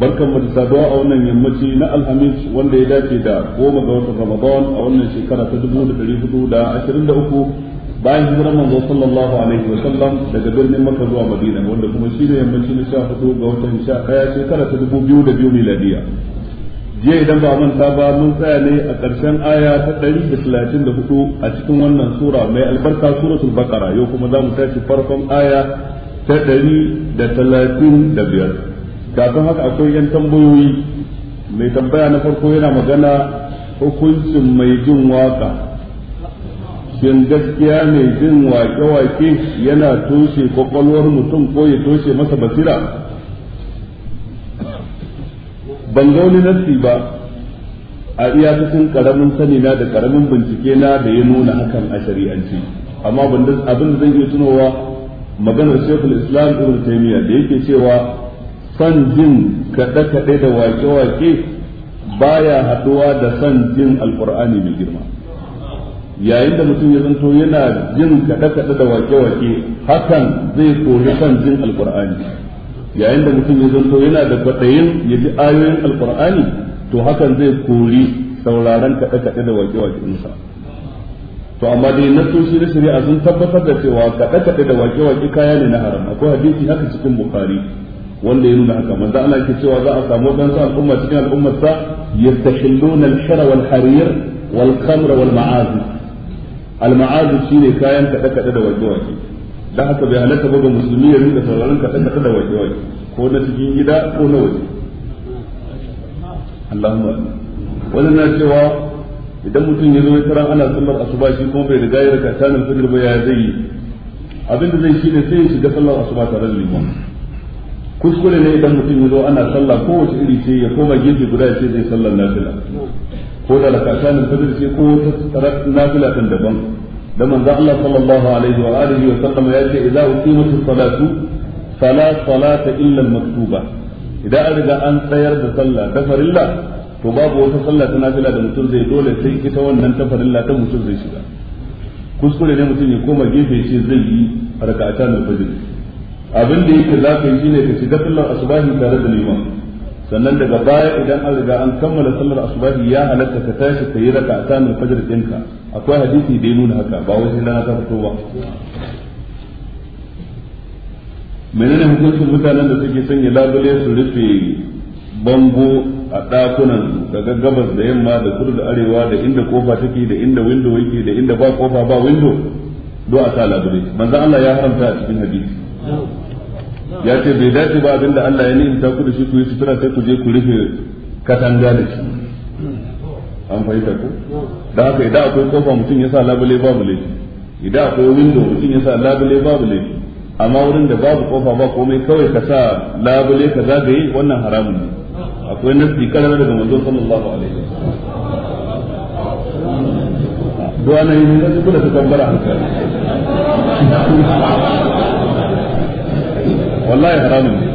barkan mu da saduwa a wannan yammaci na alhamis wanda ya dace da goma ga watan ramadan a wannan shekara ta dubu da dari hudu da ashirin da uku bayan hijirar manzo sallallahu alaihi wa sallam daga birnin makka zuwa madina wanda kuma shi ne yammaci na sha hudu ga watan sha ɗaya shekara ta dubu biyu da biyu miladiya jiya idan ba manta ba mun tsaya ne a ƙarshen aya ta ɗari da talatin da hudu a cikin wannan sura mai albarka suratul baqara yau kuma za mu tashi farkon aya ta ɗari da talatin da biyar kafin haka akwai yan tambayoyi mai tambaya na farko yana magana hukuncin mai jin waka shin gaskiya mai jin wake-wake yana toshe kwakwalwar mutum ko ya toshe masa basira ban ga wani nassi ba a iyakacin karamin sani na da karamin bincike na da ya nuna hakan a shari'anci. amma abin da zan iya tunowa maganar shekul islam ibn taymiya da yake cewa san jin kaɗe-kaɗe da wake-wake baya haɗuwa da san jin alƙur'ani mai girma yayin da mutum ya zanto yana jin kaɗe-kaɗe da wake-wake hakan zai koyi san jin alƙur'ani. yayin da mutum ya zanto yana da kwaɗayin ya ji ayoyin alƙur'ani to hakan zai kori sauraron kaɗe-kaɗe da wake-wake insa to amma dai nassoshi na shari'a sun tabbatar da cewa kaɗe-kaɗe da wake-wake kaya ne na haram akwai hadisi haka cikin bukari wanda ya nuna haka manzo Allah yake cewa za a samu dan sa al'umma cikin al'ummar sa yastahilluna al-shara wal harir wal khamra wal ma'azi al ma'azi shine kayan kada kada da waje waje dan haka bai halatta ba ga musulmi ya rinka sauraron kada kada da waje waje ko na cikin gida ko na waje Allahumma wannan na cewa idan mutum ya zo ya tsara ana sallar asuba shi kuma bai riga ya raka nan fajr ba ya zai abinda zai shine sai ya shiga sallar asuba tare da liman kuskure ne idan mutum ya zo ana sallah ko kowace iri ce ya koma gefe guda ya ce zai sallar nafila ko da rakata ne fajr ce ko wata nafila kan daban da manzo Allah sallallahu alaihi wa alihi wa sallam ya ce idza uqimatis salatu fala salata illa al-maktuba idan an riga an tsayar da sallah ta farilla to babu wata sallah ta nafila da mutum zai dole sai ita wannan ta farilla ta mutum zai shiga kuskure ne mutum ya koma gefe ce zai yi a rakata ne fajr abin da yake za ka yi shine ka shiga sallar asubahi tare da liman sannan daga baya idan an riga an kammala sallar asubahi ya halatta ka tashi ka yi raka ta min fajar ɗinka akwai hadisi da ya nuna haka ba wai sai na ta fito ba menene hukuncin mutanen da suke sanya labule su rufe bango a ɗakunan daga gabas da yamma da kudu da arewa da inda kofa take da inda window yake da inda ba kofa ba window do a sa labule manzo Allah ya haramta a cikin hadisi ya ce bai dace ba abinda Allah ya ta ku da shi ku yi sutura sai ku je ku rufe katanga da shi an fahimta ko. da haka idan akwai kofa mutum ya sa labule babu laifi idan akwai window mutum ya sa labule babu laifi amma wurin da babu kofa ba komai kawai ka sa labule ka zagaye wannan haramun ne akwai nasi karar daga manzo sallallahu alaihi wasallam duwana yin da su da su tambara hankali wallahi haramun ne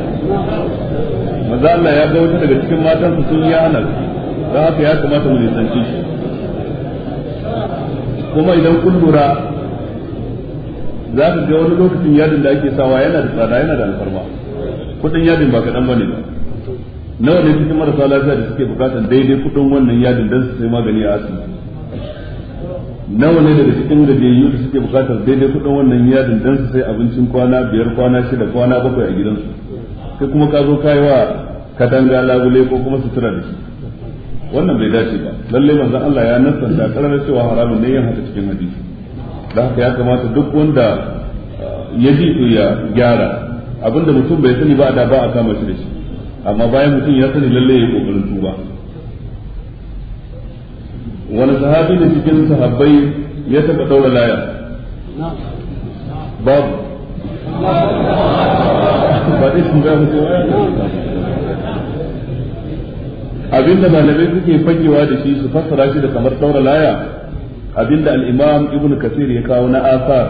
maza Allah ya ga wata daga cikin matan su sun yi hana da haka ya kamata mu nisanci shi kuma idan kun lura za ka ga wani lokacin yadin da ake sawa yana da tsada yana da alfarma kudin yadin ba kaɗan bane ba nawa ne cikin marasa lafiya da suke bukatan daidai kudin wannan yadin don su sai magani a asibiti nawa ne daga cikin gajiyayyu da suke bukatar daidai kudin wannan ya dan su sai abincin kwana biyar kwana shida kwana bakwai a gidansu kai kuma ka zo kai wa katanga labule ko kuma sutura da shi wannan bai dace ba lalle manzon Allah ya da karar cewa haramun ne yin haka cikin hadisi da haka ya kamata duk wanda uh, ya ji ya gyara abinda mutum bai sani ba da ba a kama shi da shi amma bayan mutum ya sani lalle ya kokarin tuba wani sahabi da cikin sahabbai ya taɓa ɗaura laya babu ba dai sun gaya mutu abinda malamai suke fakewa da shi su fassara shi da kamar ɗaura laya abinda al-imam ibn kasir ya kawo na asar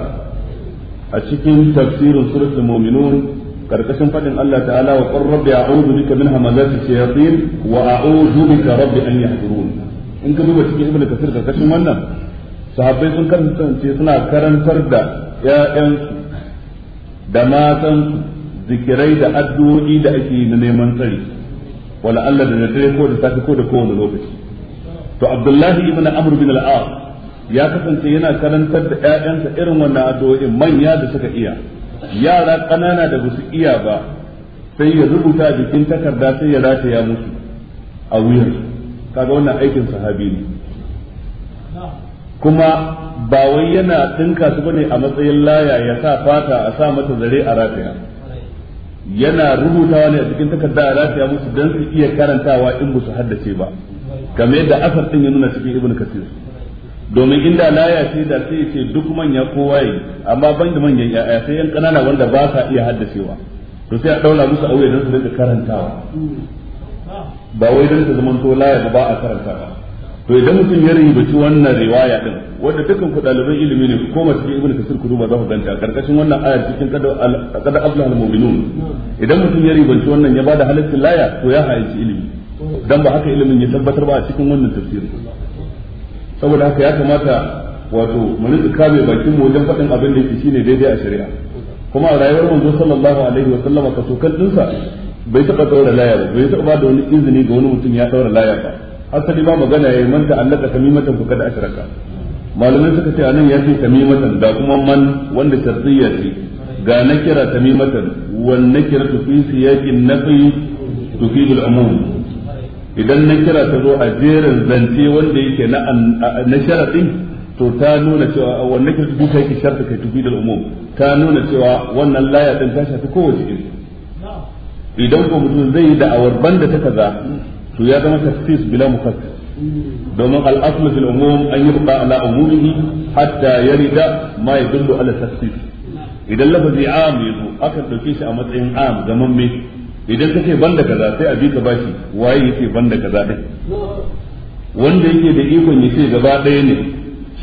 a cikin tafsirin suratul mu'minun karkashin fadin Allah ta'ala wa qur rabbi a'udhu bika min hamazati shayatin wa a'udhu bika rabbi an yahdurun in ka duba cikin ibn kasir karkashin wannan sahabbai sun kasance suna karantar da ƴaƴansu da matan zikirai da addu'o'i da ake yi na neman tsari wala Allah da dare ko da safe ko da kowane lokaci to Abdullahi ibn Amr bin al-As ya kasance yana karantar da ƴaƴansa irin wannan addu'o'in manya da suka iya yara ƙanana da su iya ba sai ya rubuta jikin takarda sai ya rataya musu a wuyarsu kaga wannan aikin sahabi ne kuma ba wai yana dinka su bane a matsayin laya ya sa fata a sa mata zare a rafiya yana rubutawa ne a cikin takarda a rafiya musu dan su iya karantawa in musu haddace ba game da asar ɗin ya nuna cikin ibn kasir domin inda laya ce da sai ce duk manya kowa yi amma ban da manyan yaya sai yan kanana wanda ba sa iya haddacewa to sai a daura musu auye dan su dinga karantawa ba wai dan ta zama to laya ba a karanta ba to idan mutum ya rubuci wannan riwaya din wanda dukkan ku daliban ilimi ne ko masu ibn kasir ku duba za ku ganta karkashin wannan ayar cikin qad aflaha muminun idan mutum ya rubuci wannan ya ba bada halaccin laya to ya haici ilimi dan ba haka ilimin ya tabbatar ba a cikin wannan tafsirin saboda haka ya kamata wato mu rinka kame bakin mu wajen faɗin abin da yake shine daidai a shari'a kuma a rayuwar manzo sallallahu alaihi wa sallama kaso kan dinsa bai taɓa ɗaura laya ba bai taɓa ba da wani izini ga wani mutum ya ɗaura laya ba asali ba magana ya yi manta allaka tamimatan fuka da ashraka malamai suka ce anan ya ce tamimatan da kuma man wanda shartiyya ce ga nakira tamimatan wan nakira fi siyaqin nafi tufidul umum idan na kira ta zo a jerin zance wanda yake na na sharadin to ta nuna cewa wanne kira kirtu duka yake sharta kai tufidul umum ta nuna cewa wannan laya din ta shafi kowace iri idan ko mutum zai yi da'awar banda ta kaza to ya zama tafsis bila mukaddas domin al'aslu fil umum an yubqa ala umumihi hatta yarida ma yadullu ala tafsis idan lafazi am yazo aka dauke shi a matsayin am zaman me idan kace banda kaza sai a bi ka bashi waye yace banda kaza din wanda yake da ikon yace gaba daya ne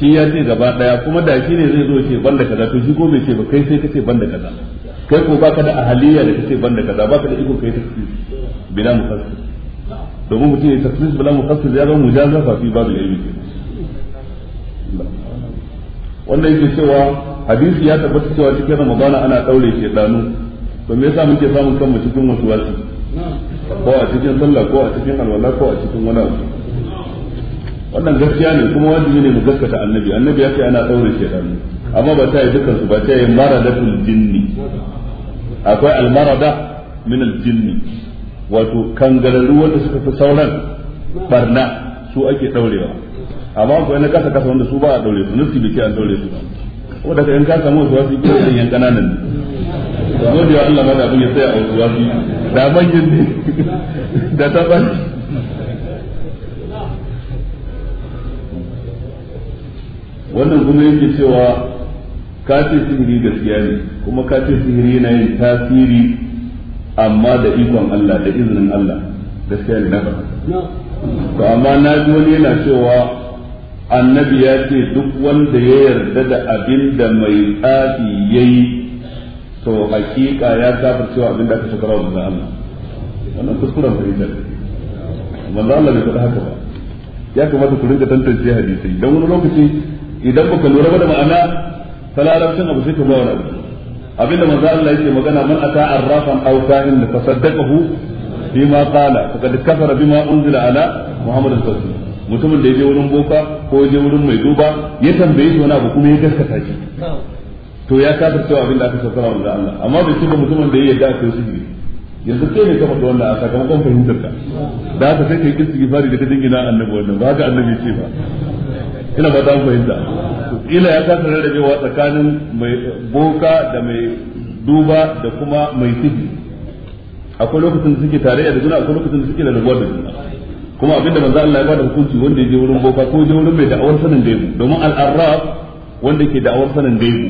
shi ya ce gaba daya kuma da shi ne zai zo ce banda kaza to shi ko bai ce ba kai sai kace banda kaza kai ko baka da ahaliya da kace banda kaza baka da iko kai tafsir bila mufassir domin mutum ya tafsir bila mufassir ya zama mujazafa fi babu ilmi wannan yake cewa hadisi ya tabbata cewa cikin ramadana ana daure shedanu to me yasa muke samun kanmu cikin wasu wasu ko a cikin sallah ko a cikin alwala ko a cikin wani abu wannan gaskiya ne kuma wajibi ne mu gaskata annabi annabi ya ce ana daure shedanu amma ba ta yi dukkan su ba ta yi maradatul jinni akwai almarada min aljinni wato kangararru wanda suka fi sauran barna su ake daurewa amma akwai na kasa kasa wanda su ba a daure su nufi biki an daure su wanda ka in ka samu wasu wasu biyu da yan kananan ne to amma ya Allah ma da abin ya tsaya a wasu wasu da manyan ne da ta ba wannan kuma yake cewa ka ce sihiri gaskiya ne kuma ka sihiri yana yin tasiri amma da ikon Allah da izinin Allah gaskiya ne na ba to amma na ji wani yana cewa annabi ya ce duk wanda ya yarda da abin da mai tsafi ya yi to hakika ya kafir cewa abin da aka shakara wa Allah wannan kuskuren fahimtar manzon Allah bai faɗi haka ba ya kamata ku rinka tantance hadisai don wani lokaci idan baka lura ba da ma'ana ta abu sai ka ba wani abu abinda manzo Allah yake magana man ata arrafan aw kahin da fasaddaqahu bima qala faqad kafara bima unzila ala muhammadin sallallahu mutumin da ya je wurin boka ko je wurin mai duba ya tambaye shi wani abu kuma ya gaskata shi to ya kafir cewa abin da aka saukar wa Allah amma bai cika mutumin da ya yarda a kai shi yanzu ke ne kafa wannan a sakamakon fahimtar ka da haka sai kai kirki fari da ka dingina annabi wannan ba haka annabi ce ba ina ba ta fahimta kila ya kasa rarrabewa tsakanin mai boka da mai duba da kuma mai sihiri akwai lokacin da suke tare da juna akwai lokacin da suke da rubuwa da juna kuma abinda manzo Allah ya bada hukunci wanda ya je wurin boka ko je wurin mai da'awar sanin gaibu domin al-arraf wanda ke da'awar sanin gaibu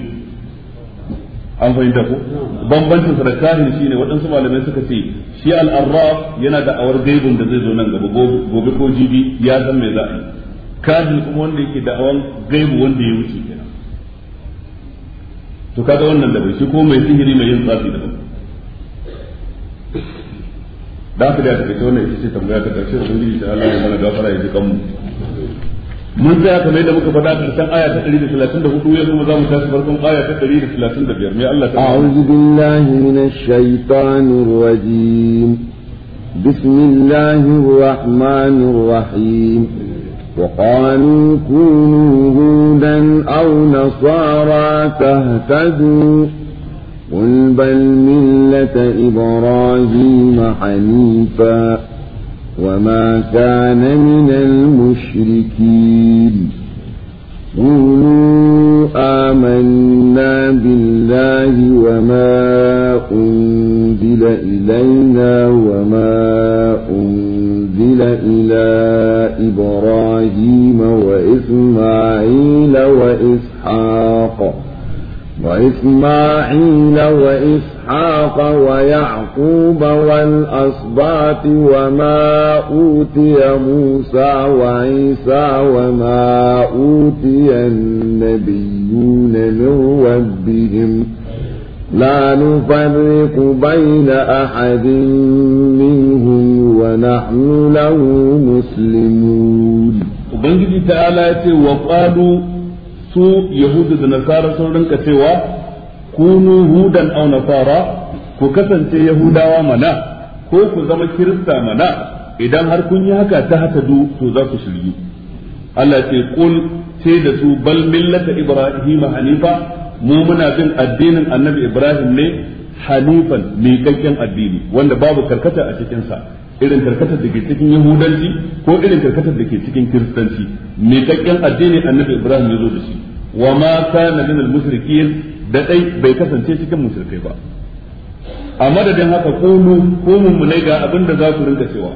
an fahimta ko bambancin sa da kahin shine waɗansu malamai suka ce shi al-arraf yana da'awar gaibun da zai zo nan gaba gobe ko jibi ya san me za a yi kafin kuma wanda yake da'awan gaibu wanda ya wuce kenan to kaga wannan da bai shi ko mai sihiri mai yin tsafi da da ka da take wannan ita ce tambaya ta karshe da ubangiji ta Allah ya mana gafara ya ji mu. mun tsaya kamar yadda muka faɗa karshen aya ta 134 yanzu mu za mu tashi farkon aya ta 135 mai Allah ta a'udhu billahi minash shaitanir rajim بسم الله الرحمن الرحيم وقالوا كونوا هودا أو نصارى تهتدوا قل بل ملة إبراهيم حنيفا وما كان من المشركين قولوا آمنا بالله وما أنزل إلينا وما أنزل أنزل إلى إبراهيم وإسماعيل وإسحاق وإسماعيل وإسحاق ويعقوب والأصباط وما أوتي موسى وعيسى وما أوتي النبيون من ربهم لا نفرق بين أحد منهم ونحن له مسلمون وبنجي تعالى وقالوا su yahudu da nasara sun rinka cewa kunu hudan au nasara ku kasance yahudawa mana ko ku zama kirista mana idan har kun yi haka ta haka du to za ku shiryu Allah ce da su bal millata ibrahima hanifa mu muna bin addinin annabi ibrahim ne hanifan miƙaƙƙen addini wanda babu karkata a cikinsa irin karkatar da ke cikin yahudanci ko irin karkatar da ke cikin kiristanci miƙaƙƙen addini annabi ibrahim ya zo da shi wa ma kana min al-mushrikin da dai bai kasance cikin mushrikai ba a madadin haka kunu ko ne ga abin da za ku rinka cewa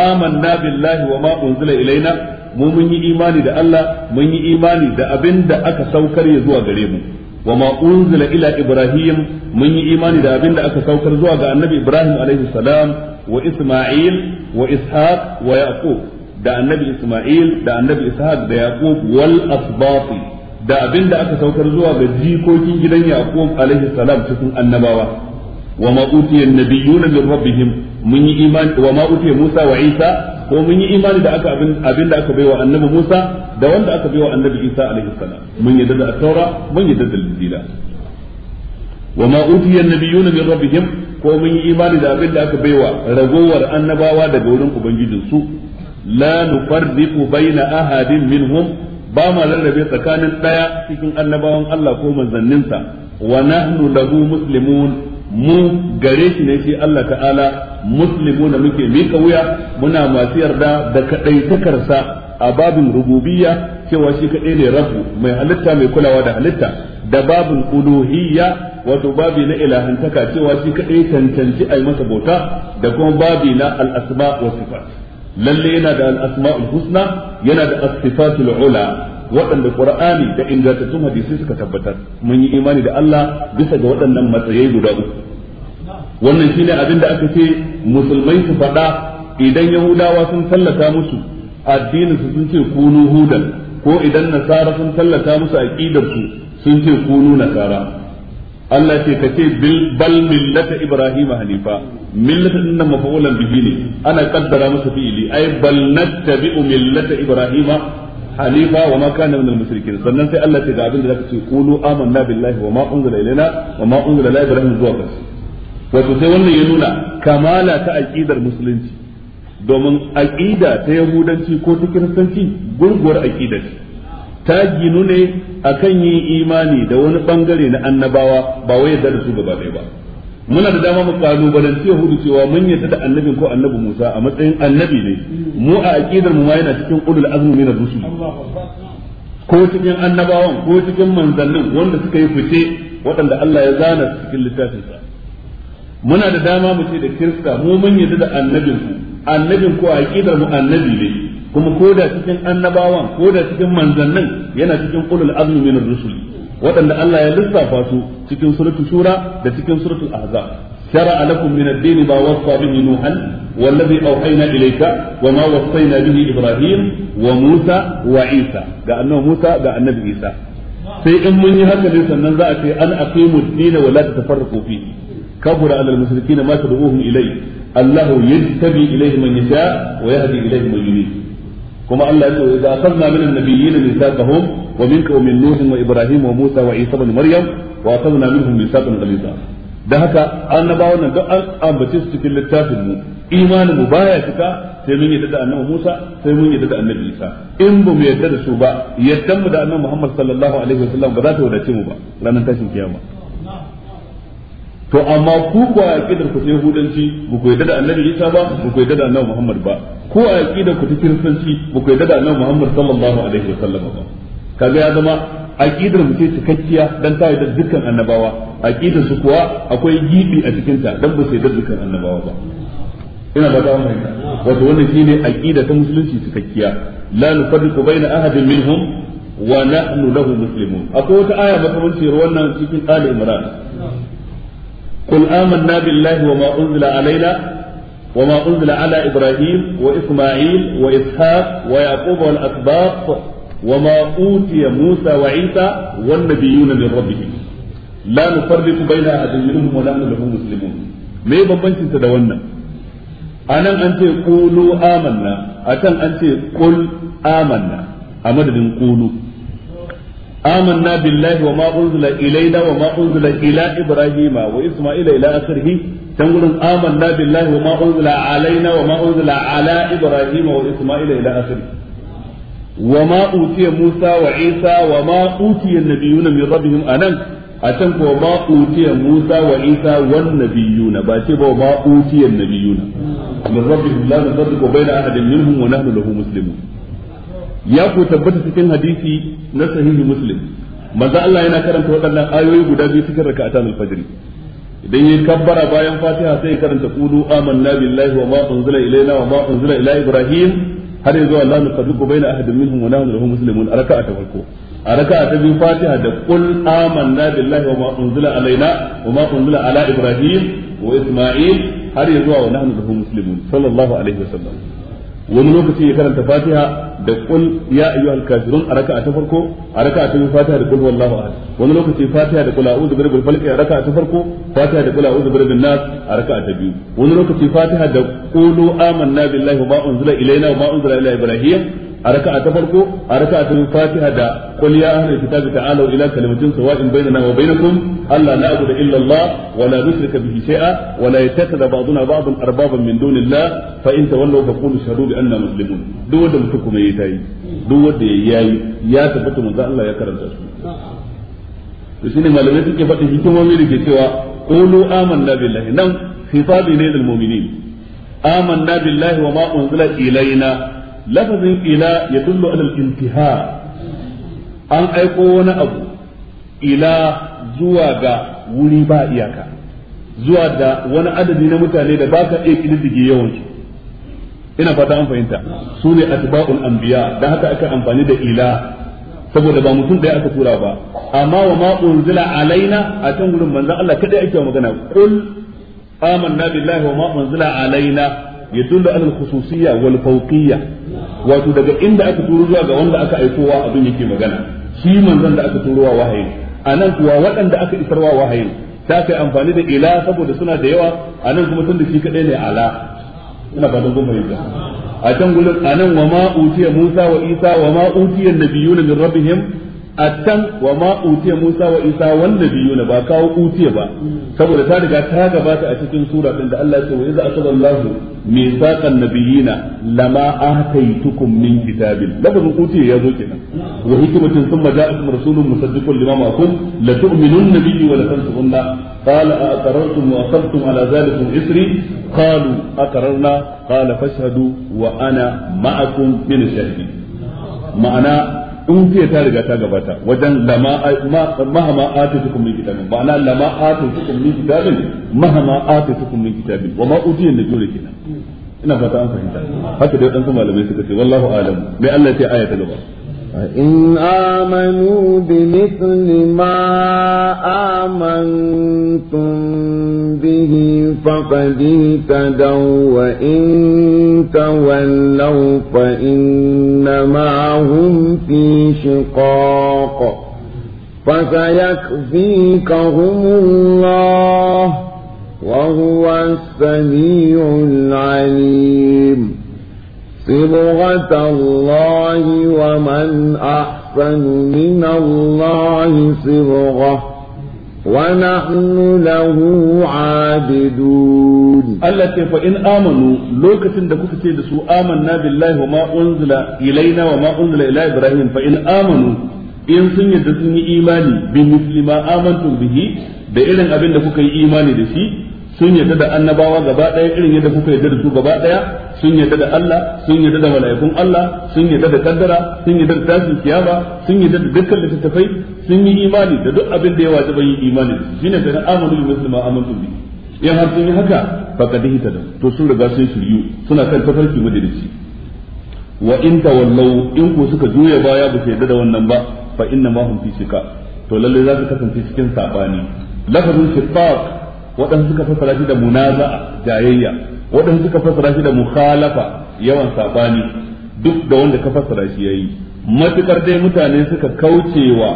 amanna billahi wa ma unzila ilaina mu mun yi imani da Allah mun yi imani da abin da aka saukar ya zuwa gare mu wa ma unzila ila ibrahim mun yi imani da abin da aka saukar zuwa ga annabi ibrahim alaihi salam wa isma'il wa ishaq wa yaqub da annabi isma'il da annabi ishaq da yaqub wal asbati da abin da aka saukar zuwa ga jikokin gidan yaqub alaihi salam cikin annabawa wa ma mun yi wa ma musa wa isa ko mun yi imani da aka abin da aka baiwa annabi Musa da wanda aka baiwa annabi Isa alaihi salam mun yadda da taura mun yi da injila wa ma utiya annabiyuna min rabbihim ko mun yi imani da abin da aka baiwa ragowar annabawa daga wurin ubangijinsu la nufarriqu baina ahadin minhum ba ma rarrabe tsakanin daya cikin annabawan Allah ko manzanninsa wa nahnu lahu muslimun mu gare shi ne shi Allah ta'ala da muke mika wuya muna masu yarda da kaɗaitakarsa a babin rububiyya cewa shi kaɗai ne rabu mai halitta mai kulawa da halitta da babin uluhiyya wato babi na ilahantaka cewa shi kaɗai cancanci a yi masa bauta da kuma babi na al'asma wa sifat lalle yana da al'asma husna yana da as ula waɗanda qur'ani da ingantattun hadisi suka tabbatar mun yi imani da Allah bisa ga waɗannan matsayai guda uku wannan shine abin da aka ce musulmai su faɗa idan yahudawa sun tallata musu addinin su sun ce kunu hudan ko idan nasara sun tallata musu aqidar su sun ce kunu nasara Allah ce ka ce bil bal millata ibrahim hanifa millata dinnan mafa'ulan bihi ne ana kaddara musu fi'ili ay bal nattabi'u millata ibrahim hanifa wa ma kana minal mushrikin sannan sai Allah ce ga abin da zaka ce qulu amanna billahi wa ma unzila ilaina wa ma unzila ila ibrahim zuwa kasu. wato sai wannan ya nuna kamala ta aƙidar musulunci domin aqida ta yahudanci ko ta kiristanci gurguwar aqida ce ta ginu ne akan yin imani da wani bangare na annabawa ba wai yadda da su gaba ɗaya ba muna da dama mu kalubalanci yahudu cewa mun yadda da annabin ko annabi Musa a matsayin annabi ne mu a aƙidar mu ma yana cikin ulul azmi min ar-rusul ko cikin annabawan ko cikin manzannin wanda suka yi fice waɗanda Allah ya zana cikin littafinsa muna da dama mu ce da kirista mu mun yarda da annabin ku annabin ku a aqidar mu annabi ne kuma ko da cikin annabawan ko da cikin manzannin yana cikin ulul azmi min waɗanda Allah ya lissafa su cikin suratul shura da cikin suratul ahzab شرع لكم من الدين ما وصى به نوحا والذي اوحينا اليك وما وصينا به ابراهيم وموسى وعيسى لانه موسى ده النبي عيسى sai in mun yi haka ne sannan za a ce an aqimu ad-din wa kabura alal musrikin ma tad'uhum ilay Allah yajtabi ilayhi man yasha wa yahdi ilayhi man yunib kuma Allah ya ce idza akhadna min an-nabiyyin mithaqahum wa minka wa min nuh wa ibrahim wa musa wa isa maryam wa da haka na nan duk an ambace su cikin littafin mu imanin mu baya cika sai mun yadda da annabi Musa sai mun yadda da annabi Isa in ba mu yadda da su ba yaddan mu da annabi Muhammad sallallahu alaihi wasallam ba za ta wadace mu ba ranar tashin kiyama to amma ku a aqidar ku sai hudanci ku ku yadda da annabi Isa ba ku ku yadda da annabi Muhammad ba a aqidar ku ta kiristanci ku ku yadda da annabi Muhammad sallallahu alaihi wasallam ba kaga ya zama aqidar mu ce cikakkiya dan ta yadda dukkan annabawa aqidar su kuwa akwai gibi a cikin ta dan ba su yadda dukkan annabawa ba ina ba ta mai wato wannan shine aqida ta musulunci cikakkiya la nufarriqu baina ahadin minhum wa nahnu lahu muslimun akwai wata aya ba makamancin wannan cikin Ali Imran قل آمنا بالله وما أنزل علينا وما أنزل على إبراهيم وإسماعيل وإسحاق ويعقوب والأسباط وما أوتي موسى وعيسى والنبيون من ربهم لا نفرق بين أحد منهم ونحن له مسلمون me bambancin ta da wannan anan an ce qulu amanna akan an ce qul amanna a madadin qulu آمنا بالله وما أنزل إلينا وما أنزل إلى إبراهيم وإسماعيل إلى آخره تنقول آمنا بالله وما أنزل علينا وما أنزل على إبراهيم وإسماعيل إلى آخره وما أوتي موسى وعيسى وما أوتي النبيون من ربهم أنا أتنك وما أوتي موسى وعيسى والنبيون باشب وما أوتي النبيون من ربهم لا نصدق بين أحد منهم ونحن له مسلمون ya ku tabbata cikin hadisi na sahihi muslim manzo Allah yana karanta waɗannan ayoyi guda biyu cikin raka'atan al-fajr idan yayi kabbara bayan Fatiha sai karanta qulu amanna billahi wa ma unzila ilaina wa ma unzila ila ibrahim har yanzu Allah na tabbata baina ahadin minhum wa nahnu lahu muslimun a raka'a ta farko a raka'a ta biyu Fatiha da qul amanna billahi wa ma unzila alaina wa ma unzila ala ibrahim wa isma'il har yanzu wa nahnu lahu muslimun sallallahu alaihi wasallam wani lokaci ya karanta fatiha da kul ya ayyuhal kafirun a raka'a ta farko a raka'a ta biyu fatiha da kul wallahu ahad wani lokaci fatiha da kul a'udhu birabbil falq a raka'a ta farko fatiha da kul a'udhu birabbin nas a raka'a ta biyu wani lokaci fatiha da qulu amanna billahi wa ma unzila ilaina wa ma unzila ila ibrahim a raka'a ta farko a raka'a ta fatiha da qul ya ahlal kitabi ta'alu ila kalimatin sawa'in bainana wa bainakum alla na'budu illa Allah wa la nushrika bihi shay'a wa la yattakhidha ba'duna ba'dan arbaban min dunillah fa in tawallaw faqulu shahadu bi anna muslimun duk wanda mutum kuma yayi tayi duk wanda yayi ya tabbata manzo Allah ya karanta su to shine malamai suke faɗin da ke cewa qulu amanna billahi nan khifabi ne lil mu'minin amanna wa ma unzila ilaina lafazin ila ya dullo alal intiha an aiko wani abu ila zuwa ga wuri ba iyaka zuwa da wani adadi na mutane da baka iya kididdige yawanci. ina fata an fahimta su ne atba'ul anbiya dan haka aka amfani da ila saboda ba mutum ɗaya aka tura ba amma wa ma unzila alaina a can gurin manzon Allah kada ake magana kul amanna billahi wa ma unzila alaina yadullu ala khususiyya wal fawqiyya wato daga inda aka turo zuwa ga wanda aka aikowa abin yake magana shi manzon da aka turowa wahayi anan kuwa waɗanda aka isarwa wahayi ta kai amfani da ila saboda suna da yawa anan kuma tun da shi kadai ne ala ina ba don fahimta a can gurin anan wa ma utiya Musa wa Isa wa ma utiya nabiyuna min rabbihim attan wa ma utiya Musa wa Isa wan nabiyuna ba kawo utiya ba saboda ta riga ta gabata a cikin sura din da Allah ya ce wa iza akhadha mithaqan nabiyina lama ataitukum min kitabin lafazin utiya yazo kenan wa hikmatin thumma ja'akum rasulun musaddiqun lima ma'akum la tu'minun nabiyyi wa la tansurunna qala a aqarrartum wa aqadtum ala zalikum isri qalu aqarrarna qala fashhadu wa ana ma'akum min shahidin ma'ana in fiye ta riga ta gabata wajen lama mahama atatukum min kitabin ba na lama atatukum min kitabin mahama atatukum min kitabin wa ma na jure kina ina fata an fahimta haka dai dan kuma malamai suka ce wallahu alam mai Allah ya ce aya gaba فإن آمنوا بمثل ما آمنتم به فقد اهتدوا وإن تولوا فإنما هم في شقاق فسيكفيكهم الله وهو السميع العليم صبغة الله ومن أحسن من الله صبغة ونحن له عابدون التي فإن آمنوا لوكة دكوك سيدسوا آمنا بالله وما أنزل إلينا وما أنزل إلى إبراهيم فإن آمنوا in sun yadda sun yi imani bi misli ma amantum bihi da irin abin da kuka yi imani da shi sun yadda da annabawa gaba ɗaya irin yadda kuka yadda da su gaba ɗaya sun yadda da Allah sun yadda da mala'ikun Allah sun yadda da kaddara sun yadda da tashin kiyama sun yadda da dukkan littattafai sun yi imani da duk abin da ya wajaba yin imani shine da amanu bil muslima amantu bi in har sun yi haka faqad da, to sun riga sun shiryu suna kan tafarki madalici wa in tawallaw in ko suka juya baya ba su yadda da wannan ba fa inna ma hum fi shika to lalle za su kasance cikin sabani lafazin shifaq waɗansu suka fassara shi da munaza'a jayayya waɗansu suka fassara shi da mukhalafa yawan sabani duk da wanda ka fassara shi yayi matukar dai mutane suka kaucewa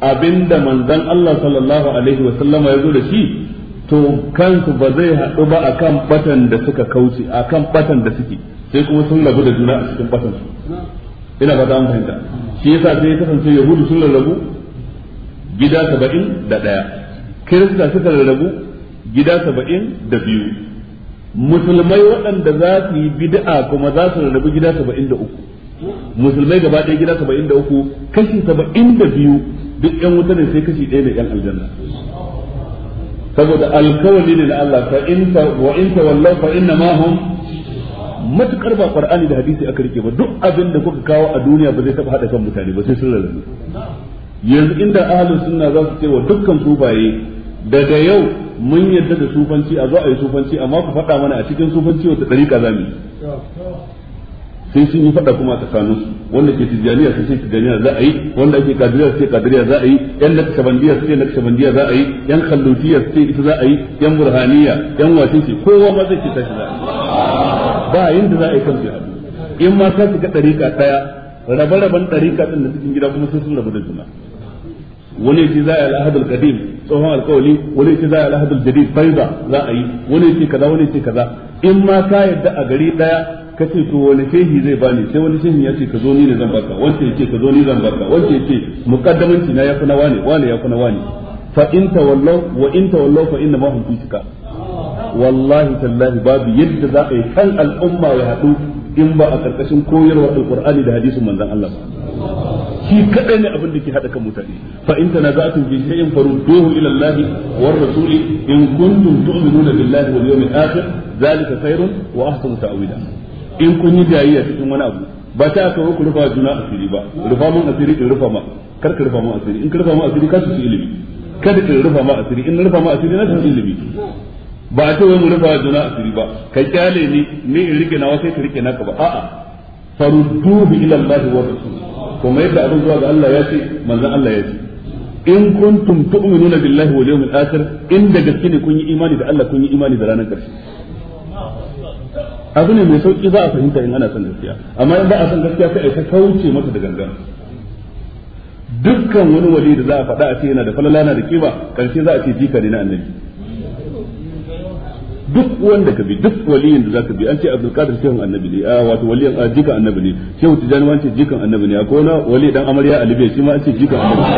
abinda manzon Allah sallallahu alaihi wa sallama ya zo da shi to kansu ba zai haɗu ba akan batan da suka kauce akan batan da suke sai kuma sun rabu da juna a cikin batan su ina ba an fahimta shi yasa sai ya kasance yahudu sun rarrabu gida saba'in da ɗaya kirista suka rarrabu gida saba'in da biyu musulmai waɗanda za su yi bid'a kuma za su rarrabu gida saba'in da uku musulmai gaba ɗaya gida saba'in da uku kashi saba'in da biyu duk yan wuta ne sai kashi ɗaya da yan aljanna saboda alkawali ne na Allah fa in ta wa in ta wallahu fa inna ma hum matukar ba qur'ani da hadisi aka rike ba duk abin da kuka kawo a duniya ba zai taba hada kan mutane ba sai sun rarrabu yanzu inda ahlus sunna za su ce wa dukkan subaye daga yau mun yarda da sufanci a zo a yi sufanci amma ku faɗa mana a cikin sufanci wata ɗariƙa za mu sai sun yi faɗa kuma a tsakanin su wanda ke tijjaniya sai tijjaniya za a yi wanda ake kadiriya sai kadiriya za a yi yan nakashabandiya sai nakashabandiya za a yi yan khallutiya sai ita za a yi yan burhaniya yan wacece kowa ma zai ce tashi za a yi ba yanda za a yi kansu in ma ka shiga ɗariƙa ɗaya rabe-raben ɗariƙa ɗin da cikin gida kuma sai sun rabu da juna wani yace za a yi al'ahad al-qadim tsohon alkawali wani yace za a yi al'ahad al-jadid faiza za a yi wani yace kaza wani yace kaza in ma ka yadda a gari daya ka ce to wani shehi zai bani sai wani shehi ya ce ka zo ni ne zan baka ya ce ka zo ni zan baka wanda yace muqaddamanci na ya kuna wani wani ya kuna wani fa in tawallaw wa in tawallaw fa inna ma hum fi shika wallahi tallahi babu yadda za a yi kan al'umma ya hadu in ba a karkashin koyarwa alqur'ani da hadisin manzon Allah ba shi kadai ne abin da ke hada kan mutane fa in tanaza'tum fi shay'in farudduhu ila Allah war rasuli in kuntum tu'minuna billahi wal yawmil akhir zalika khairun wa ahsanu ta'wila in kun yi jayayya cikin wani abu ba ta aka ku rufa juna asiri ba rufa mun asiri in rufa ma kar ka rufa mun asiri in ka rufa mun asiri ka ci ilimi kada ka rufa ma asiri in rufa ma asiri na ci ilimi ba ta ce wai mu rufa juna asiri ba ka kyale ni ni in rike na wasai ka rike naka ba a'a farudduhu ila Allah wa rasul kuma yadda abin zuwa ga Allah ya ce manzon Allah ya ce in kuntum tu'minuna billahi wal yawmil akhir inda gaske ne kun yi imani da Allah kun yi imani da ranar karshe abu ne mai sauki za a fahimta in ana son gaskiya amma in ba a son gaskiya sai a ta kauce mata da gangan dukkan wani wali da za a faɗa a ce yana da falala na da kiba karshe za a ce jika ne na annabi duk wanda ka bi duk waliyin da zaka bi an ce Abdul Qadir shehun annabi ne a wato waliyin a jikan annabi ne shehu tijani ce jikan annabi ne akwai na wali dan amarya alibe shi ma an ce jikan annabi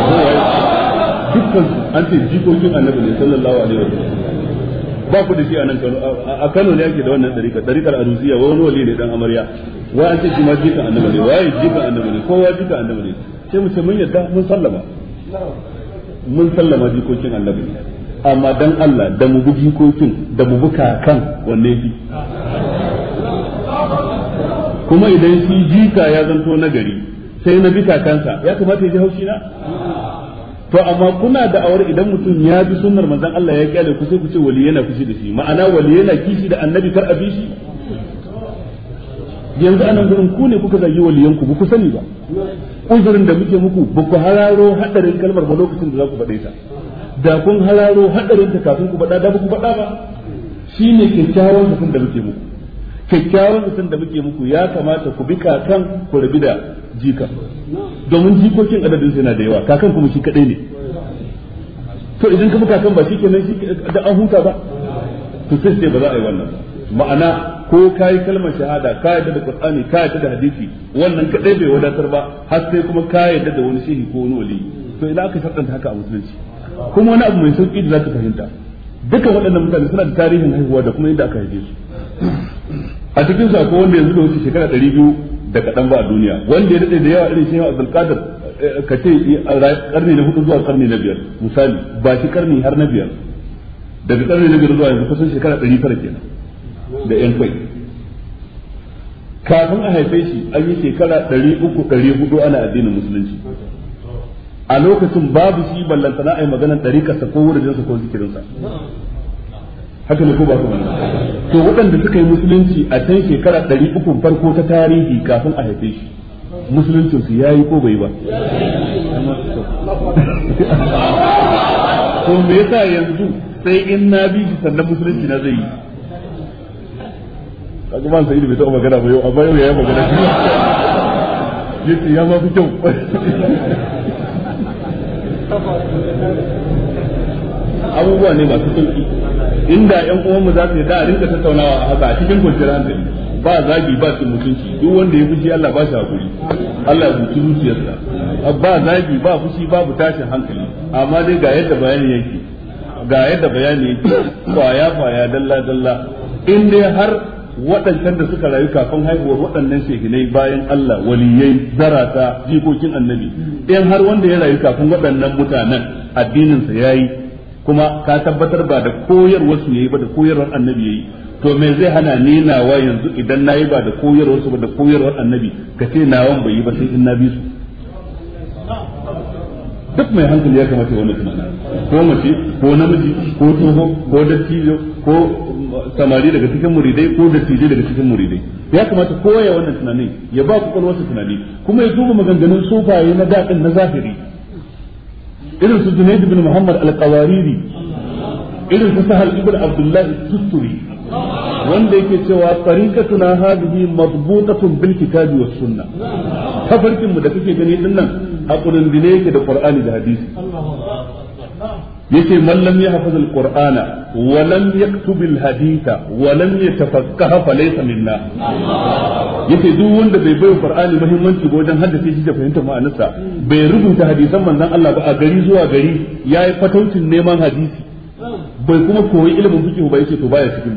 dukkan an ce jikokin annabi ne sallallahu alaihi wasallam ba ku da shi a nan Kano a Kano ne yake da wannan dariƙa dariƙar Arusiya wani wali ne dan amarya wa an ce shi ma jikan annabi ne wai jikan annabi ne kowa jikan annabi ne sai mu ce mun yadda mun sallama mun sallama jikokin annabi ne amma dan Allah da mu bi jikokin da mu buka kan wanne bi kuma idan shi jika ya zanto nagari sai na bi kakansa ya kamata ya ji haushi na to amma kuna da awar idan mutum ya bi sunnar manzon Allah ya kyale ku sai ku ce wali yana kishi da shi ma'ana wali yana kishi da annabi kar a bi shi yanzu anan gurin ku ne kuka zagi waliyan ku ku sani ba uzurin da muke muku ba ku hararo hadarin kalmar ba lokacin da za ku faɗe ta da kun halaro hadarin ta kafin ku faɗa da ku faɗa ba shine kyakkyawan hukun da muke muku kyakkyawan hukun da muke muku ya kamata ku bi kakan ku rabi da jika domin jikokin adadin su na da yawa kakan kuma shi kadai ne to idan ka bi kakan ba shikenan shi da an huta ba to sai sai ba za a yi wannan ma'ana ko ka yi kalmar shahada ka yadda da qur'ani ka yadda da hadisi wannan kadai bai wadatar ba har sai kuma ka yadda da wani shehi ko wani wali to ina aka sarkanta haka a musulunci kuma wani abu mai sauki da za ka fahimta duka waɗannan mutane suna da tarihin haihuwa da kuma inda aka haife su a cikin sa akwai wanda yanzu da wuce shekara ɗari biyu da kaɗan ba a duniya wanda ya daɗe da yawa irin shehu abdulkadir eh, eh, ka ce karni eh, na hudu zuwa karni na biyar misali ba shi karni har na biyar daga karni na biyar zuwa yanzu kusan shekara ɗari tara kenan da yan kwai kafin a haife shi an yi shekara ɗari uku ɗari hudu ana addinin musulunci a lokacin babu shi ballantana ai maganar ɗarikarsa ko wurin ko zikirinsa haka ne ko ba kuma to waɗanda suka yi musulunci a can shekara ɗari uku farko ta tarihi kafin a haife shi musuluncin su yayi ko bai ba to me yasa yanzu sai in na bi sannan musulunci na zai yi kaga ban sai bai taɓa magana ba yau amma yau yayi magana yace ya ma fi kyau abubuwa ne masu sauki inda yan uwanmu za su yi da rinka tattaunawa a haka a cikin kwanciyar hankali ba zagi ba su mutunci duk wanda ya fushi Allah ba shi hakuri Allah ya fushi zuciyarsa ba zagi ba fushi babu tashin hankali amma dai ga yadda bayani yake ga yadda bayani yake kwaya kwaya dalla dalla in dai har waɗancan da suka rayu kafin haihuwar waɗannan shehinai bayan Allah waliyai zarata jikokin annabi in har wanda ya rayu kafin waɗannan mutanen addininsa ya yi kuma ka tabbatar ba da koyarwar su yi ba da koyarwar annabi ya yi. to me zai hana ni nawa yanzu idan na yi ba da koyarwar su ba da koyarwar annabi ka ce nawan bai yi ba sai in na bi su duk mai hankali ya kamata wannan tunanin ko mace ko namiji ko tsoho ko dattijo ko samari daga cikin muridai ko dattijo daga cikin muridai ya kamata kowa ya wannan tunanin ya ba kwakwalwarsa tunani kuma ya duba maganganun sufaye na daɗin na zahiri irin su Junaid bin Muhammad alkawariri irin su Sahal ibn Abdullah tusturi wanda yake cewa tariqatuna hadhihi madbutatun bil kitabi was sunnah kafarkin mu da kake gani dinnan a kurundune yake da qur'ani da hadisi yace man lam yahfaz alqur'ana wa lam yaktub alhaditha wa lam yatafaqaha fa laysa minna yace duk wanda bai bai qur'ani muhimmanci ba wajen haddace shi da fahimtar ma'anarsa bai rubuta hadisan manzon Allah ba a gari zuwa gari yayi fatautin neman hadisi bai kuma koyi ilimin fiqh ba yace to baya cikin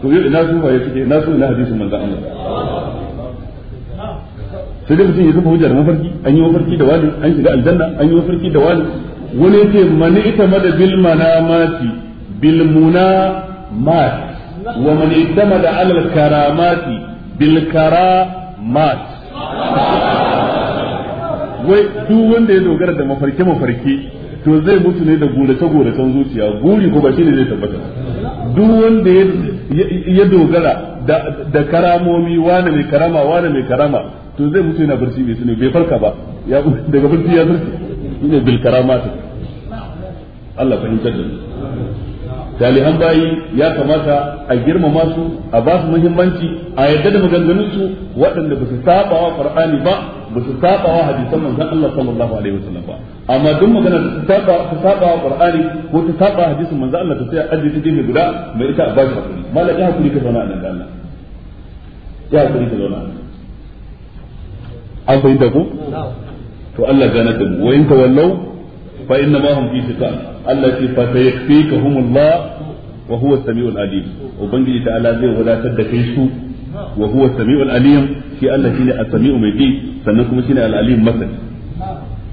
to yau ina su ba yace ina su ina hadisin manzon Allah sai dai mutum ya zuba hujjar mafarki an yi mafarki da wani an shiga aljanna an yi mafarki da wani wani yace man itamada bil manamati bil munamat wa man itamada alal kara mati bil karamat wai duk wanda ya dogara da mafarki mafarki to zai mutu ne da gurace guracen zuciya guri ko ba ne zai tabbata duk wanda ya dogara da karamomi wani mai karama wani mai karama to zai mutu yana barci bai sani bai farka ba ya daga barci ya zarce ina bil karamata Allah fahimtar da mu bayi ya kamata a girmama su a ba su muhimmanci a yadda da maganganun su waɗanda ba su saba wa qur'ani ba ba su saba wa hadisan manzon Allah sallallahu alaihi wasallam ba amma duk magana da su saba wa qur'ani ko ta saba hadisin manzon Allah ta sai aje ta gefe guda mai ita a ba shi hakuri malaka hakuri ka zauna a nan da Allah ya hakuri ka zauna a nan an fahimta ko to Allah gane da mu wa in tawallaw fa inna ma hum fi shiqaq Allah ce fa sayakfikahumullah wa huwa samiul alim ubangiji ta Allah zai wadatar da kai su wa huwa samiul alim shi Allah shine as-sami'u mai ji sannan kuma shine al-alim masani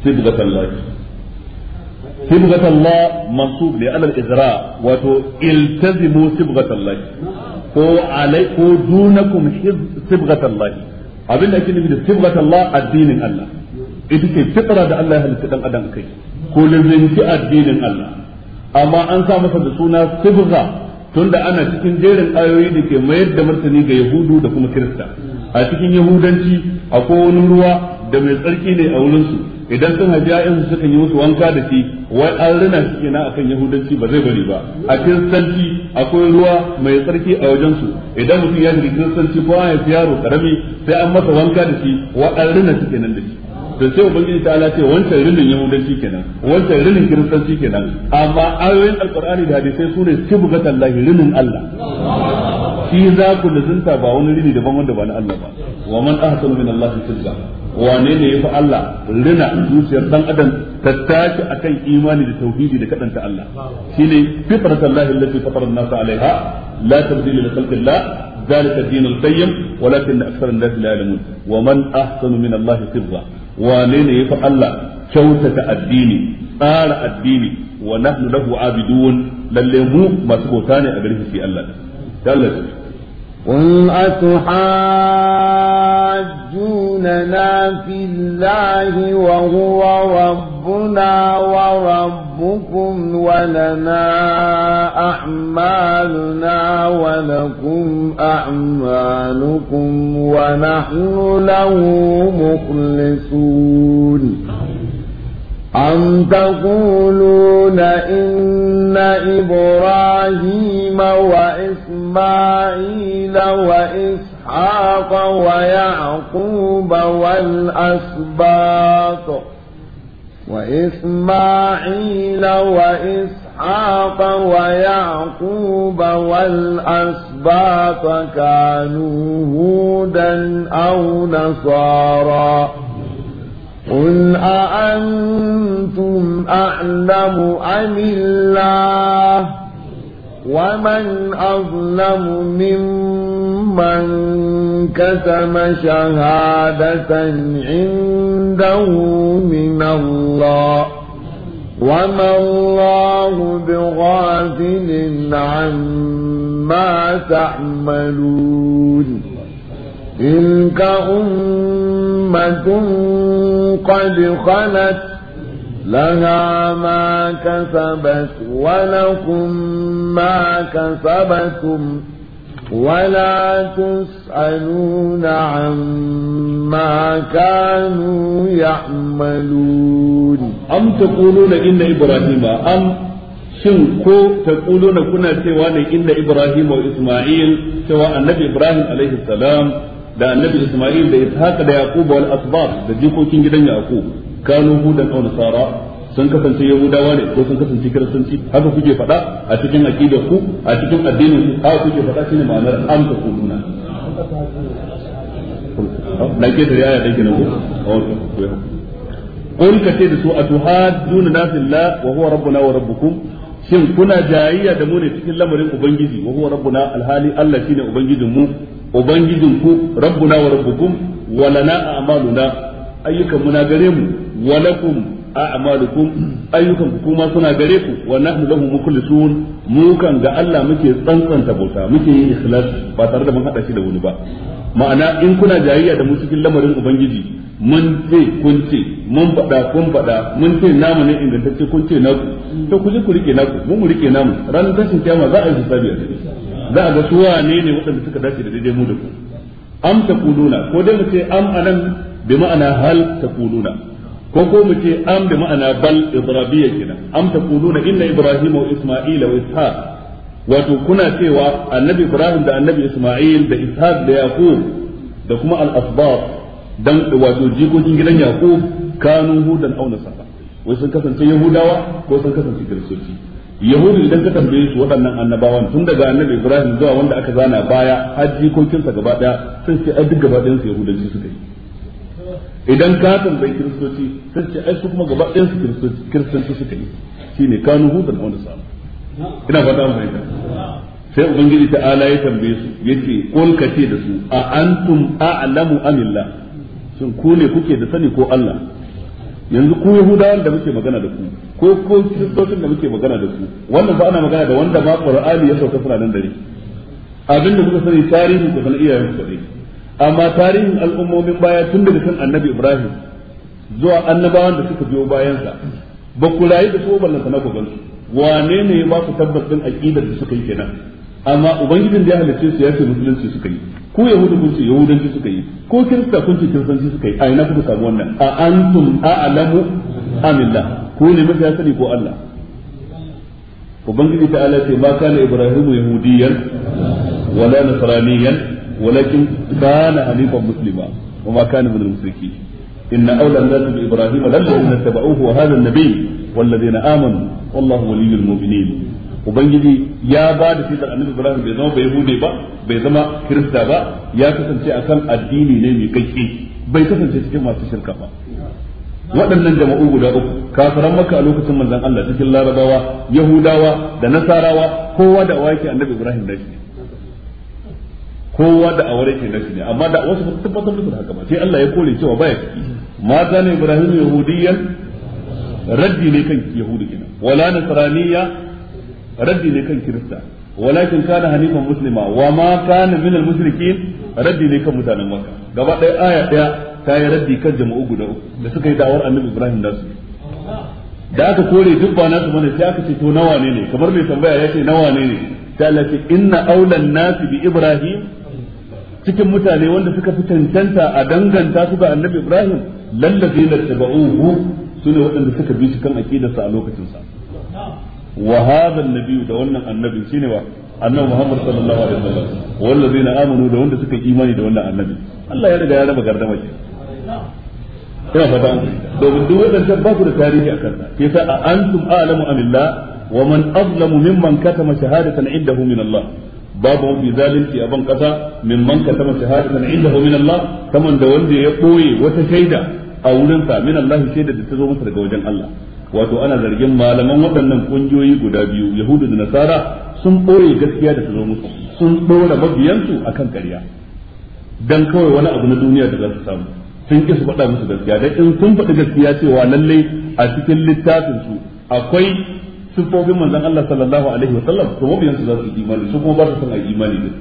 sibghatan Allah sibghatan Allah mansub li ala al-izra wato iltazimu sibghatan Allah ko alai ko dunakum sibghatan Allah abin da ake nufi da sibghat Allah addinin Allah ita ce fitra da Allah ya halitta dan adam kai ko lazimci addinin Allah amma an sa masa da suna tibga tunda ana cikin jerin ayoyi da ke mayar da martani ga yahudu da kuma kirista a cikin yahudanci akwai wani ruwa da mai tsarki ne a wurinsu idan sun haifi su suka yi musu wanka da shi wai an rina shi kenan akan yahudanci ba zai bari ba a kiristanci akwai ruwa mai tsarki a wajen su idan mutum ya shiga ci ko ya fi yaro karami sai an masa wanka da shi wa an rina shi kenan da shi to sai ubangiji ta ce wancan rinin yahudanci kenan wancan rinin kiristanci kenan amma ayoyin alqur'ani da hadisai sune sibgatan lahi rinin Allah shi za ku lazunta ba wani rini daban wanda ba na Allah ba wa man ahsanu min Allah sirra wane ne ya fi Allah rina zuciyar dan adam tattafi tashi akan imani da tauhidi da kadanta Allah shine fitratu Allah allati fatara an-nasa alaiha la tabdila li khalqi Allah dalika din al-qayyim walakin aktharu an-nas la yalamun wa man ahsanu min Allah sirra wa lana yafa Allah kyautata addini tsara addini wa nahnu lahu abidun lalle mu masu bauta ne a garin shi Allah dalla قل أتحاجوننا في الله وهو رب ربنا وربكم ولنا أعمالنا ولكم أعمالكم ونحن له مخلصون أم تقولون إن إبراهيم وإسماعيل وإسحاق ويعقوب والأسباط وإسماعيل وإسحاق ويعقوب والأسباط كانوا هودا أو نصارا قل أأنتم أعلم أم الله ومن أظلم ممن من كتم شهادة عنده من الله وما الله بغافل عما تعملون تلك أمة قد خلت لها ما كسبت ولكم ما كسبتم ولا تسألون عما كانوا يعملون أم تقولون إن إبراهيم أم shin ko ta na kuna cewa ne inda Ibrahim wa Ismail cewa annabi Ibrahim alaihi salam da annabi Ismail da Ishaq da Yaqub wal asbab da jikokin gidan Yaqub kanu hudan aw nasara sun kasance yahudawa ne ko sun kasance kiristanci haka kuke faɗa a cikin aqidar ku a cikin addinin ku haka kuke faɗa shine ma'anar amsa ku nuna dan ke da yaya dan kenan ko qul ka ce da su atuhadduna nasilla wa huwa rabbuna wa rabbukum shin kuna jayayya da mu ne cikin lamarin ubangiji wa huwa rabbuna alhali Allah shine ubangijin mu ubangijin ku rabbuna wa rabbukum wa lana a'maluna ayyukan mu na gare mu wa lakum a'malukum ayyukan ku kuma suna gare ku wa nahnu lahu mukhlisun mu kan ga Allah muke tsantsanta bauta muke yin ikhlas ba tare da mun hada shi da wani ba ma'ana in kuna jayayya da mu cikin lamarin ubangiji mun ce kun ce mun faɗa kun faɗa mun ce namu ne ingantacce kun ce naku to ku ji ku rike naku mu mu rike namu ranar tashin kiyama za a yi hisabi a za a ga su wane ne waɗanda suka dace da daidai mu da ku am taquluna ko dai mu ce am anan bi ma'ana hal taquluna ko ko mu ce am da ma'ana bal idrabiyya kenan am taquluna inna ibrahima wa isma'ila wa ishaq wato kuna cewa annabi ibrahim da annabi isma'il da ishaq da yaqub da kuma al asbab dan wato jikokin gidan yaqub kanu hudan aw nasara wai sun kasance yahudawa ko sun kasance kiristoci Yahudi idan ka tambaye su waɗannan annabawan tun daga annabi ibrahim zuwa wanda aka zana baya har jikokinsa gaba daya sun ce ai duk gaba ɗayan su yahudanci suka yi idan ka tambayi kiristoci sai ce ai su kuma gaba ɗayan su kiristoci kiristoci suka yi ne kanu hudan wanda samu ina fata mu fahimta sai ubangiji ta ala ya tambaye su ya ce ka ce da su a antum a'lamu amillah shin ku ne kuke da sani ko Allah yanzu ku yahudawan da muke magana da ku ko ko kiristocin da muke magana da ku wannan ba ana magana da wanda ba qur'ani ya sauka suna nan dare abinda kuka sani tarihi ku san iyayen ku dai amma tarihin al'ummomin baya tun daga kan annabi ibrahim zuwa annabawan da suka biyo bayansa ba ku rayu da su ballanta na ku gansu wane ne ya ba ku tabbacin aqidar da suka yi kenan amma ubangijin da ya halice su ya ce musulunci suka yi ko yahudu kun ce yahudanci suka yi ko kirista kun ce kiristanci suka yi a ina kuka samu wannan a antum a'lamu amillah ko ne mafi ya sani ko Allah ubangiji ta ala ce ma kana ibrahimu yahudiyan wala nasraniyan walakin kana hanifan muslima wa ma kana min al-mushriki inna awla an-nas bi ibrahim lalladhina tabauhu wa hadha an-nabiy na amanu wallahu waliyyul mu'minin ubangiji ya ba da fitar annabi ibrahim bai zama bai ba bai zama kirista ba ya kasance a kan addini ne mai kai bai kasance cikin masu shirka ba waɗannan jama'u guda uku kafiran maka a lokacin manzan Allah cikin larabawa yahudawa da nasarawa kowa da wake annabi ibrahim da shi kowa da aure ke nashi ne amma da wasu tabbatar musu haka ba sai Allah ya kore cewa baya ciki ma zane ibrahim yahudiyyan raddi ne kan yahudu kina wala nasraniya raddi ne kan kirista walakin kana hanifan muslima wa ma kana min al-mushrikin raddi ne kan mutanen makka gaba ɗaya aya ɗaya ta yi raddi kan jama'u guda uku da suka yi da'awar annabi ibrahim nasu da aka kore duk ba nasu bane sai aka ce to nawa ne ne kamar mai tambaya ya ce nawa ne ne sai Allah ce inna aulan nasi bi ibrahim cikin mutane wanda suka fi cancanta a danganta su ga annabi ibrahim lallazi na tabauhu sune waɗanda suka bi shi kan aqidarsa a lokacinsa. sa wa hadha annabi da wannan annabi shine wa annabi muhammad sallallahu alaihi wasallam wallazi na amanu da wanda suka imani da wannan annabi Allah ya riga ya raba gardama ke ina fata domin duk waɗannan ba su da tarihi akan sa yasa a antum a'lamu amillah wa man azlamu mimman katama shahadatan indahu min Allah babu bi zalunci a ban kasa mimman katama shahadatan indahu inda Allah saman da wanda ya koye wata shaida a wurin sa min shaida da ta zo masa daga wajen Allah wato ana zargin malaman waɗannan ƙungiyoyi guda biyu yahudu da nasara sun ɓoye gaskiya da ta zo musu sun ɗora mabiyansu akan ƙarya dan kawai wani abu na duniya da za su samu sun ki su faɗa musu gaskiya dan in sun faɗi gaskiya cewa lallai a cikin littafin su akwai sifofin manzon Allah sallallahu alaihi wa sallam to mabiyan su za su imani su kuma ba su son imani din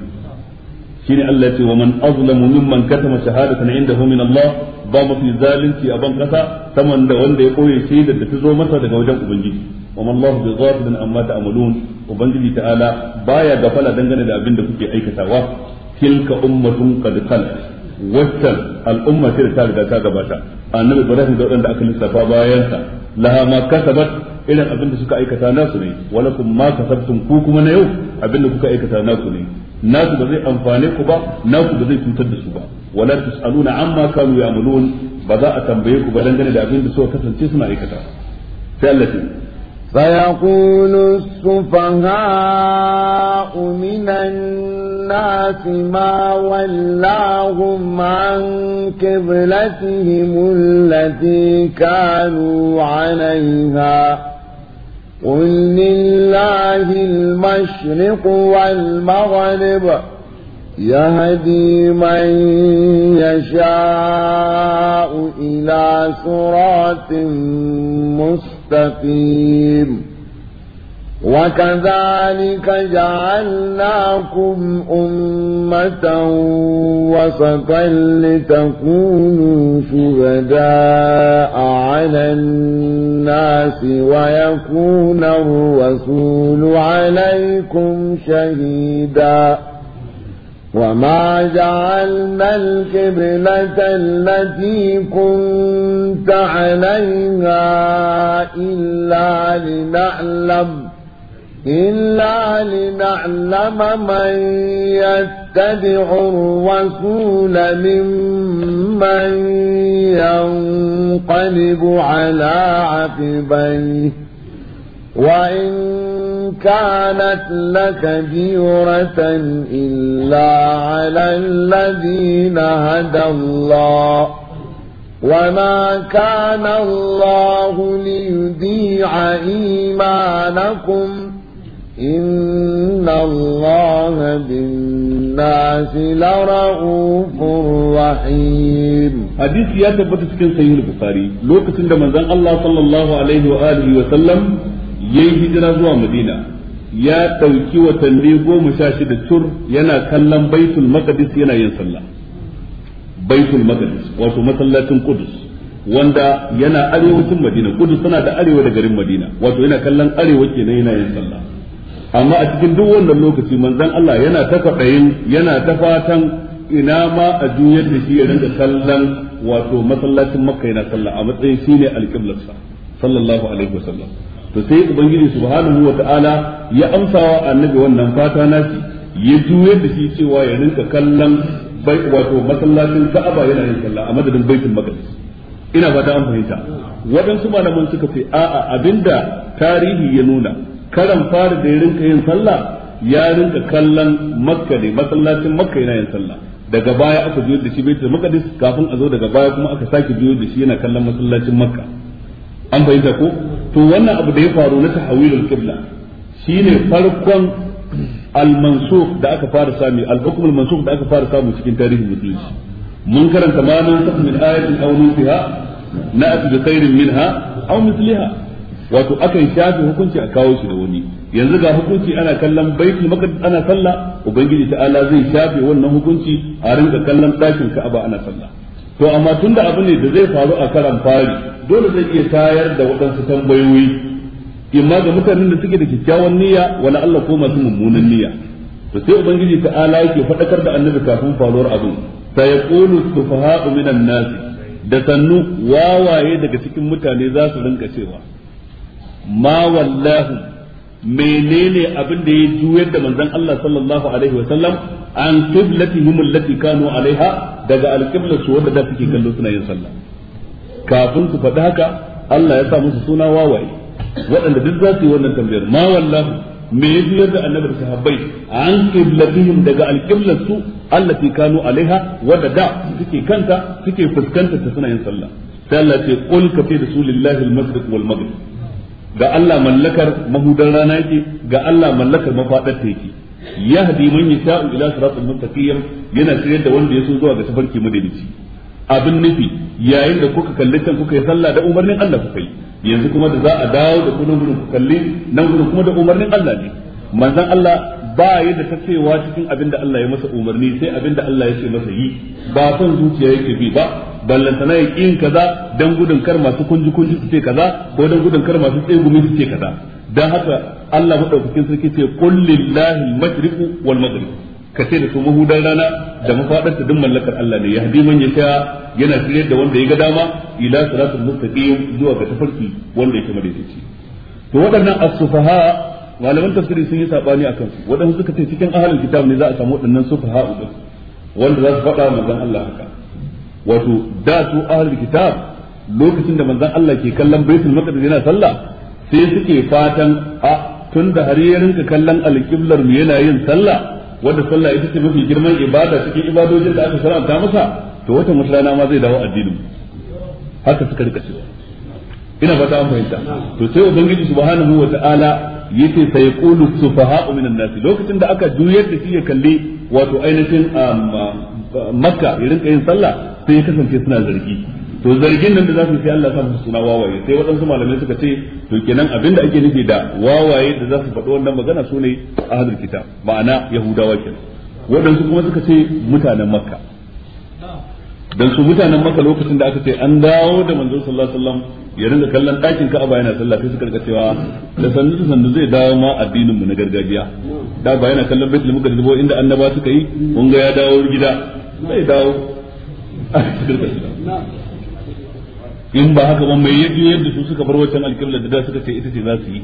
shine Allah ce wa man azlamu mimman katama shahadatan indahu min Allah ba mafi zalunci a ban kasa saman da wanda ya koye shaidar da ta zo masa daga wajen ubangiji wa man Allah bi ghafilin amma ta'malun ubangiji ta'ala baya gafala dangane da abin da kuke aikatawa tilka ummatun qad khalat waccan al'umma da ta riga ta gabata annabi ibrahim da waɗanda aka lissafa bayansa laha ma kasabat irin abin da suka aikata nasu ne walakum ma kasabtum ku kuma na yau abin da kuka aikata nasu ne nasu ba zai amfane ku ba nasu ba zai cutar da su ba wala tusaluna amma kanu ya'malun ba za a tambaye ku ba dangane da abin da suka kasance suna aikata sai Allah ya فيقول السفهاء من الناس ما ولاهم عن قبلتهم التي كانوا عليها قل لله المشرق والمغرب يهدي من يشاء إلى صراط مستقيم وكذلك جعلناكم أمة وسطا لتكونوا شهداء على الناس ويكون الرسول عليكم شهيدا وما جعلنا القبلة التي كنت عليها إلا لنعلم إلا لنعلم من يتبع الرسول ممن ينقلب على عقبيه وإن كانت لكبيرة إلا على الذين هدى الله وما كان الله ليذيع إيمانكم إن الله بالناس لرؤوف رحيم حديث يا تبت سكن سيد البخاري لو كنت من الله صلى الله عليه وآله وسلم yayi hijira zuwa Madina ya ɗauki watanni goma sha shida tur yana kallon baitul maqdis yana sallah baitul wato masallacin wanda yana arewacin Madina Qudus suna da arewa da garin Madina wato yana kallon arewa kenan yana yin sallah amma a cikin duk wannan lokaci manzon Allah yana ta kwaɗayin yana ta fatan ina ma a juyar da shi ya rinka kallon wato masallacin makka yana sallah a matsayin shine alqiblarsa sallallahu alaihi wasallam to sai ubangiji subhanahu wa ta'ala ya amsawa annabi wannan fata nashi ya juyar da shi cewa ya rinka kallon wato masallacin ka'aba yana yin sallah a madadin baitul maqdis ina fata an fahimta waɗansu malaman suka ce a'a abinda tarihi ya nuna karan fara da ya rinka yin sallah ya rinka kallon makka ne masallacin makka yana yin sallah daga baya aka juyar da shi baitul maqdis kafin a zo daga baya kuma aka sake juyar da shi yana kallon masallacin makka an fahimta ko to wannan abu da ya faru na tahawilul qibla shine farkon al-mansukh da aka fara sami al-hukm al-mansukh da aka fara samu cikin tarihin musulunci mun karanta ma nan min ayatin aw nufiha na'ti bi khairin minha aw mithliha wato akan shafe hukunci a kawo shi da wani yanzu ga hukunci ana kallon baitul maqdis ana sallah ubangiji ta'ala zai shafe wannan hukunci a rinka kallon dakin ka'aba ana sallah to amma tunda abu ne da zai faru a karan fari dole zai iya tayar da waɗansu tambayoyi imma ga mutanen da suke da kyakkyawan niyya wala Allah ko masu mummunan niyya to sai ubangiji ta'ala yake faɗakar da annabi kafin faruwar abin sayaqulu sufaha'u minan nas da sannu wawaye daga cikin mutane za su rinka cewa ma wallahu menene abin da ya juyar da manzon Allah sallallahu alaihi wa sallam an qiblatihim allati kanu alaiha daga alqibla su wanda da suke kallo suna yin sallah kafin su faɗi haka Allah ya sa musu suna wawaye waɗanda duk za su yi wannan tambayar ma wallahu me ya juyar da annabi sahabbai an qiblatihim daga alqibla su allati kanu alaiha wanda da suke kanta suke fuskanta suna yin sallah sai Allah ya ce qul su lillahi rasulillahi almasriq wal maghrib ga Allah mallakar mahudan rana yake ga Allah mallakar mafadar ta yake yahdi man sa'u ila siratal mustaqim yana shiryar da wanda ya so zuwa ga tafarki madalici abin nufi yayin da kuka kalli can kuka yi sallah da umarnin Allah kuka yi yanzu kuma da za a dawo da kudin gurin ku kalli nan gurin kuma da umarnin Allah ne manzon Allah ba yi da tacewa cikin abin da Allah ya masa umarni sai abin da Allah ya ce masa yi ba son zuciya yake bi ba ballantana ya yin kaza dan gudun kar masu kunji kunji su ce kaza ko dan gudun kar masu tsegumi su ce kaza dan haka Allah madaukakin sarki ce qul lillahi al-mashriqu wal maghrib ka ce da su mahudan rana da ta duk mallakar Allah ne yahdi man yasha yana shirye da wanda ya ga dama ila siratul mustaqim zuwa ga tafarki wanda yake madaidaici to waɗannan as-sufaha malaman tafsiri sun yi sabani akan su waɗansu suka ce cikin ahalin kitab ne za a samu waɗannan su sufaha uku wanda za su faɗa manzon Allah haka wato da su ahalin kitab lokacin da manzon Allah ke kallon baitul maqdis yana sallah sai suke fatan a tun da har ya rinka kallon alƙiblar mu yana yin sallah wanda sallah ita ce mafi girman ibada cikin ibadojin da aka saranta masa to wata musulana ma zai dawo addinin haka suka rika cewa ina fata an fahimta to sai ubangiji subhanahu wa ta'ala yace sai sufaha min minan nas lokacin da aka juyar da shi ya kalli wato ainihin um, makka ya rinka yin sallah sai ya kasance suna zargi to zargin nan da za su Allah sa musu suna wawaye sai waɗansu malamai suka ce to kenan abin da ake nufi da wawaye da za su faɗo wannan magana su ne ahlul kitab ma'ana yahudawa kenan waɗansu kuma suka ce mutanen makka dan su mutanen maka lokacin da aka ce an dawo da manzo sallallahu alaihi wasallam ya rinka kallon ɗakin Ka'aba yana sallah sai suka rika cewa da sannu da sannu zai dawo ma addinin mu na gargajiya da ba yana kallon Baitul Muqaddas ba inda annaba suka yi mun ga ya dawo gida zai dawo in ba haka ba mai yaji yadda su suka bar wancan alƙibla da suka ce ita ce za su yi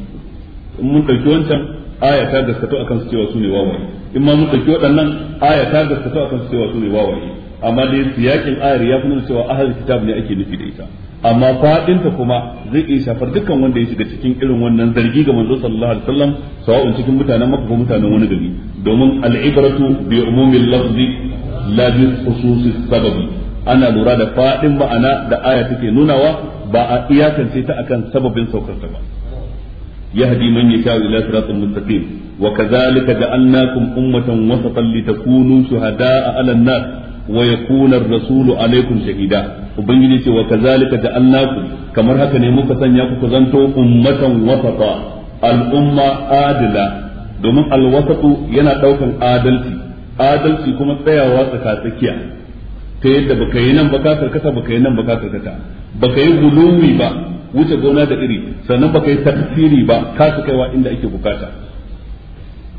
in mun ɗauki wancan aya ta gaskato akan su cewa su ne wawaye in ma mun ɗauki waɗannan aya ta gaskato akan su cewa su ne wawaye amma dai siyakin ayar ya fi nuna cewa ahlul kitab ne ake nufi da ita amma fadinta kuma zai iya shafar dukkan wanda ya shiga cikin irin wannan zargi ga manzo sallallahu alaihi wasallam sawa'un cikin mutanen makka ko mutanen wani gari domin al'ibratu bi umumil lafzi la bi khususis sababi ana lura da fadin ma'ana da aya take nunawa ba a iyakance ta akan sababin saukarta ta ba يهدي من يشاء إلى صراط مستقيم وكذلك جعلناكم wasa وسطا لتكونوا شهداء على الناس wa yakuna ar-rasulu alaikum shahida ubangiji ce wa kazalika annaku. kamar haka ne muka sanya ku ku zanto ummatan wasata al-umma adila domin al-wasatu yana daukan adalci adalci kuma tsayawa tsaka tsakiya ta yadda baka yi nan baka karkata baka yi nan baka karkata baka yi guluwi ba wuce gona da iri sannan baka yi tafsiri ba ka su kaiwa inda ake bukata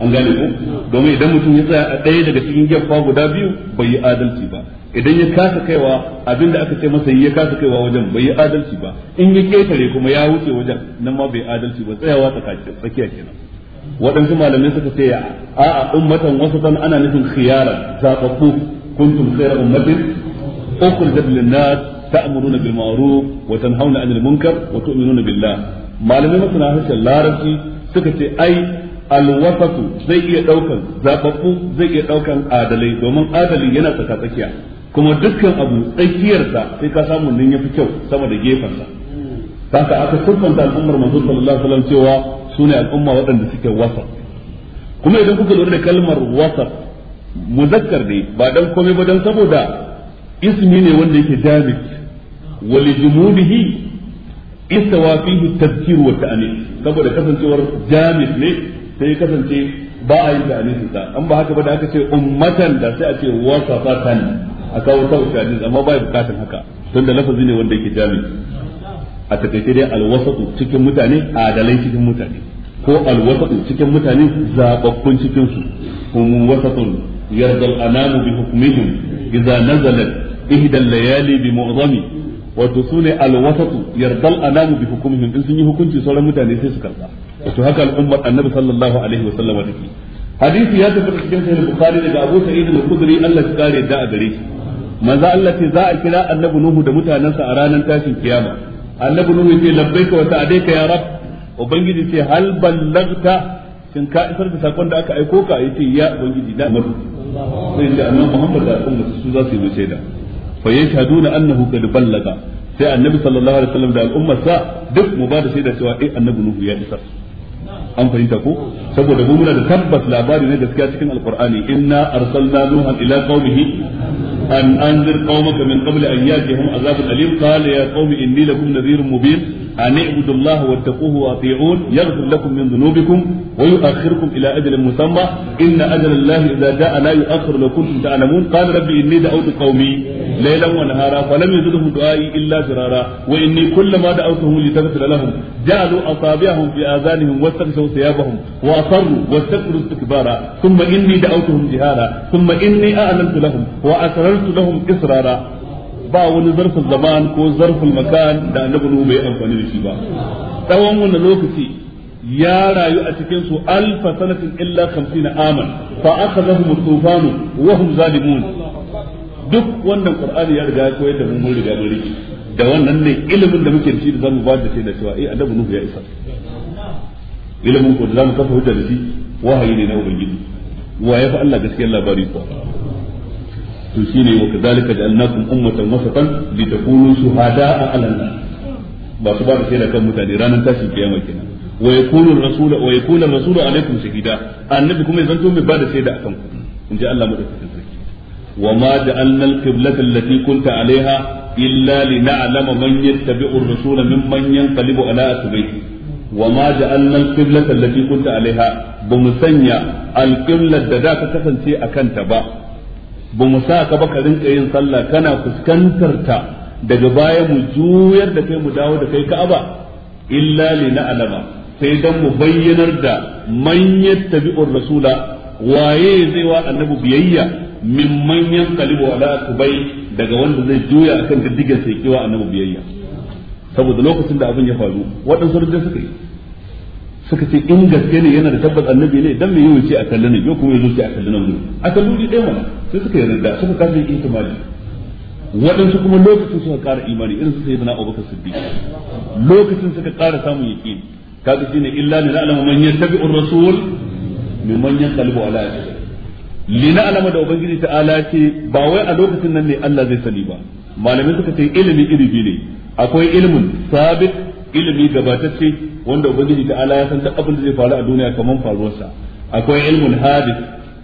an gane ko domin idan mutum ya tsaya a ɗaya daga cikin gefa guda biyu bai yi adalci ba idan ya kasa kaiwa abin da aka ce masa ya kasa kaiwa wajen bai yi adalci ba in ya ketare kuma ya wuce wajen nan ma bai adalci ba tsayawa tsakiya kenan waɗansu malamai suka ce a'a ummatan wasatan ana nufin khiyara zaɓaɓɓu kuntum khayra ummatin ukhrijat lin-nas ta'muruna bil ma'ruf wa tanhauna 'anil munkar wa tu'minuna billah malamai masana harshen larabci suka ce ai alwasatu zai iya daukan zababbu zai iya daukan adalai domin adali yana tsaka tsakiya kuma dukkan abu tsakiyarsa sai ka samu nan yafi kyau sama da gefensa haka aka siffanta al'ummar manzo sallallahu alaihi wasallam cewa sune al'umma waɗanda suke wasat kuma idan kuka lura da kalmar wasat muzakkar ne ba dan komai ba dan saboda ismi ne wanda yake jamid wal jumudihi istawa fihi tadhkir wa ta'anis saboda kasancewar jamid ne sai kasance ba a yi da anisi sa an ba haka ba da aka ce ummatan da sai a ce wasafatan a kawo ta ushadin amma ba ya bukatan haka tun da lafazi ne wanda yake jami a takaice dai alwasatu cikin mutane adalai cikin mutane ko alwasatu cikin mutane zababbun cikin su hum wasatun yardal anamu bi hukmihim idza nazalat ihda layali bi mu'zami wato sune alwasatu yardal anamu bi hukmihim in sun yi hukunci sauran mutane sai su karba to haka al'ummar annabi sallallahu alaihi wa sallama take hadisi ya tabbata cikin sahih bukhari daga abu sa'id al-khudri Allah ya kare da a gare shi manzo Allah ce za a kira annabi nuhu da mutanansa a ranar tashin kiyama annabi nuhu ya ce labbaika wa ta'adaika ya rab ubangiji ce hal ballagta shin ka isar da sakon da aka aiko ka yace ya ubangiji da mutu sai da annabi Muhammad da al'umma su za su yi shaida fa yashhaduna annahu qad ballaga sai annabi sallallahu alaihi wasallam da al'umma sa duk mu ba da shaida cewa eh annabi nuhu ya isar an fahimta ko saboda mu muna da tabbas labari ne gaskiya cikin alqur'ani inna arsalna nuhan ila qaumihi an anzir qaumaka min qabli an yatihum azabun alim qala ya qaumi inni lakum nadhirun mubin أن اعبدوا الله واتقوه وأطيعون يغفر لكم من ذنوبكم ويؤخركم إلى أجل مسمى إن أجل الله إذا جاء لا يؤخر لو كنتم تعلمون قال ربي إني دعوت قومي ليلا ونهارا فلم يزدهم دعائي إلا فرارا وإني كلما دعوتهم لتغفر لهم جعلوا أصابعهم في آذانهم واستغشوا ثيابهم وأصروا واستكبروا استكبارا ثم إني دعوتهم جهارا ثم إني أعلنت لهم وأسررت لهم إسرارا ba wani zarfin zaman ko zarfin makan da annabi nuhu bai amfani da shi ba tsawon wannan lokaci ya rayu a cikin su alfa sanatin illa 50 aman fa aka akhadhahum tufanu wa hum zalimun duk wannan qur'ani ya riga ya koyar da mu mun riga mun riki da wannan ne ilimin da muke da shi da zamu ba da shaida cewa eh annabi nuhu ya isa ilimin ko da zamu kafa hujja da shi wahayi ne na ubangiji wa ya fa Allah gaskiyar labari ko to shine wa kadhalika ja'alnakum ummatan wasatan litakunu shuhada'a 'ala an-nas ba su ba da shaida kan mutane ranar tashin kiyama kenan wa yakunu ar-rasul wa yakunu ar-rasul alaikum shahida annabi kuma ya zanto mai ba da shaida akan ku in ji Allah madaukakin sarki wa ma ja'alna al-qiblata allati kunta 'alaiha illa lina'lama man yattabi'u ar-rasula mimman yanqalibu 'ala atba'ihi وما جعلنا القبلة التي كنت عليها بمسنيا القبلة دا كتفن شيء أكنت با ba mu sa ka ba ka rinka yin sallah kana fuskantar ta daga baya mu juyar da kai mu dawo da kai ka'aba illa li na'lama sai dan mu bayyanar da man yattabi'ur rasula waye zai wa annabi biyayya min man yanqalibu ala kubai daga wanda zai juya akan diddigen sai kiwa annabi biyayya saboda lokacin da abin ya faru waɗansu rujin suka yi suka ce in gaske ne yana da tabbas annabi ne dan me yi wuce a kallon nan yau kuma yazo ce a kallon ne a kallon ji ɗaya sai suka yarda suka kafa yin imani waɗansu kuma lokacin suka ƙara imani irin su sayyidina Abubakar Siddiq lokacin suka ƙara samun yaqini kaga shine illa ni alama man yattabi'ur rasul mimman yanqalibu ala aqibihi li alama da ubangiji ala ce ba wai a lokacin nan ne Allah zai sani ba malamin suka ce ilimi iri biyu ne akwai ilimin sabit ilimi gabatacce wanda ubangiji ta ala ya san duk abin da zai faru a duniya kaman faruwarsa akwai ilmul hadith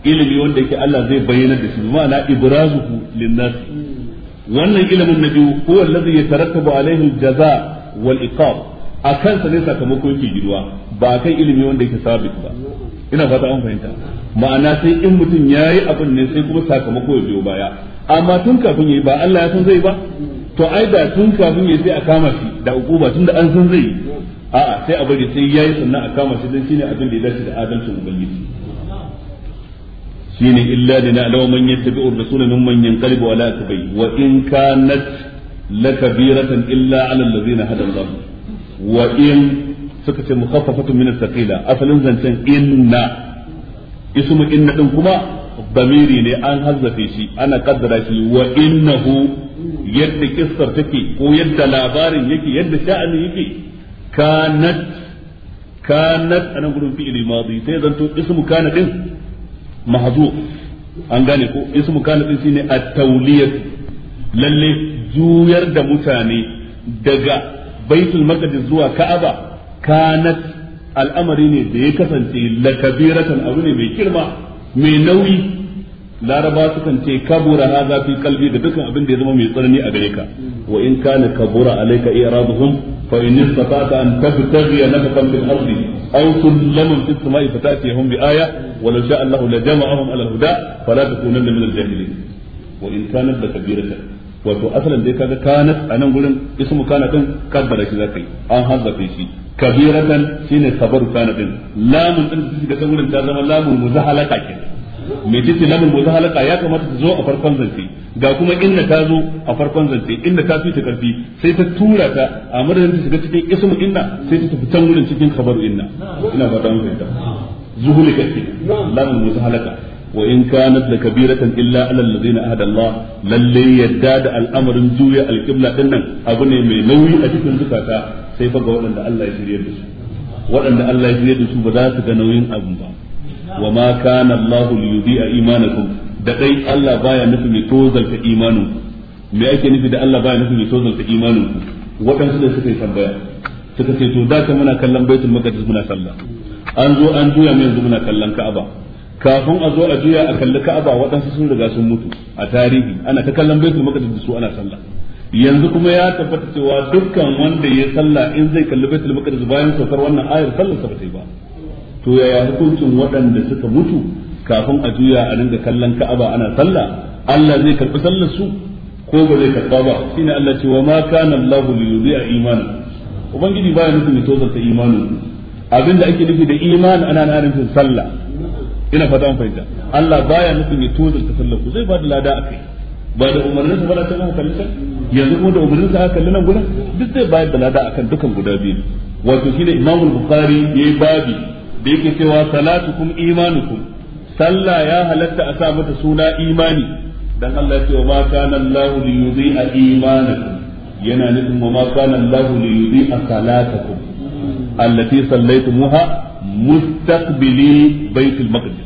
ilimi wanda yake Allah zai bayyana da shi ma'ana ibrazuhu linnas wannan ilimin na biyu huwa ya yatarattabu alaihi jaza wal iqab akan sa ne sakamako yake girwa ba kan ilimi wanda yake sabit ba ina fata an fahimta ma'ana sai in mutum yayi abin ne sai kuma sakamako ya biyo baya amma tun kafin yayi ba Allah ya san zai ba to ai da tun kafin ya sai a kama shi da ukuba tun da an san zai a'a sai a bari sai yayi sannan a kama shi dan shine abin da ya dace da adalcin ubangiji shine illa lana law man yattabi'u ar-rasula mimman yanqalibu ala tabayyi wa in kanat lakabiratan illa ala allazina hada Allah wa in suka ce mukhaffafatun min as-saqila asalin zancen inna ismu inna din kuma bamiri ne an hazzafe shi ana kaddara shi wa innahu yadda kissar take ko yadda labarin yake yadda sha'ani yake kanat kanat ana gurin fi'ili madi sai zanto ismu kana din mahzu an gane ko ismu kana din shine at-tawliyat lalle juyar da mutane daga baitul maqdis zuwa ka'aba kanat al'amari ne da ya kasance lakabiratan abu ne mai girma mai nauyi laraba kan ce kabura hadha fi qalbi da dukkan abin da ya zama mai tsanani a gare ka wa in kana kabura alayka i'raduhum fa in istata'ta an tabtaghi nafaqan fil ardi aw sullaman fis sama'i fatatihum bi aya wa law sha'a Allahu la jama'ahum ala al-huda fala takunanna min al-jahilin wa in kanat la kabiratan wato asalin dai kaga kanat a nan gurin ismu kana din kaddara shi zakai an hazzafe shi kabiratan shine sabaru kana din lamun din da shiga saburin ta zama lamun muzahalaka kenan me tace lamun muzahalaka ya kamata ta zo a farkon zance ga kuma inda ta zo a farkon zance inda ta fita karfi sai ta tura ta a madadin ta shiga cikin ismu inna sai ta tafi can gurin cikin sabaru inna ina fata mun fahimta zuhulika kenan lamun muzahalaka وإن كانت لكبيرة إلا على الذين أهدى الله للي يداد الأمر جوية abu ne mai nauyi a cikin زكاة sai ba ga waɗanda Allah ya shirye da su waɗanda Allah ya shirye da su ba za su ga nauyin abin ba wa ma kana Allah li yudhi'a imanakum da dai Allah baya nufin ya tozalta imanin me ake nufi da Allah baya nufin ya tozalta imanin waɗansu da suka yi tambaya suka ce to da ka muna kallon baitul maqdis muna sallah an zo an juya mu yanzu muna kallon ka'aba kafin a zo a juya a kalli ka'aba waɗansu sun riga sun mutu a tarihi ana ta kallon baitul maqdis da su ana sallah yanzu kuma ya tabbata cewa dukkan wanda ya sallah in zai kalli baitul maqdis bayan saukar wannan ayar sallar sa bata yi ba to yaya hukuncin waɗanda suka mutu kafin a juya a dinga kallon Ka'aba ana sallah Allah zai karbi sallar su ko ba zai karba ba shine Allah ce wa ma kana Allah li yudhi'a imana ubangiji baya nufin ya tozarta imanin abinda ake nufi da iman ana na nufin sallah ina fata an fahimta Allah baya nufin ya tozarta sallar ku zai ba da lada akai ba da umarnin sa bana tana kallon yanzu kuma da umarnin sa aka kallon nan gudan duk zai bayar da lada akan dukan guda biyu wato ne Imam Bukhari yi babi da yake cewa salatukum imanukum sallah ya halatta a sa mata suna imani dan Allah ya ce wa ma kana Allahu li yudhi'a imanakum yana nufin wa ma kana Allah li yudhi'a salatakum allati sallaitumuha mustaqbili baitul maqdis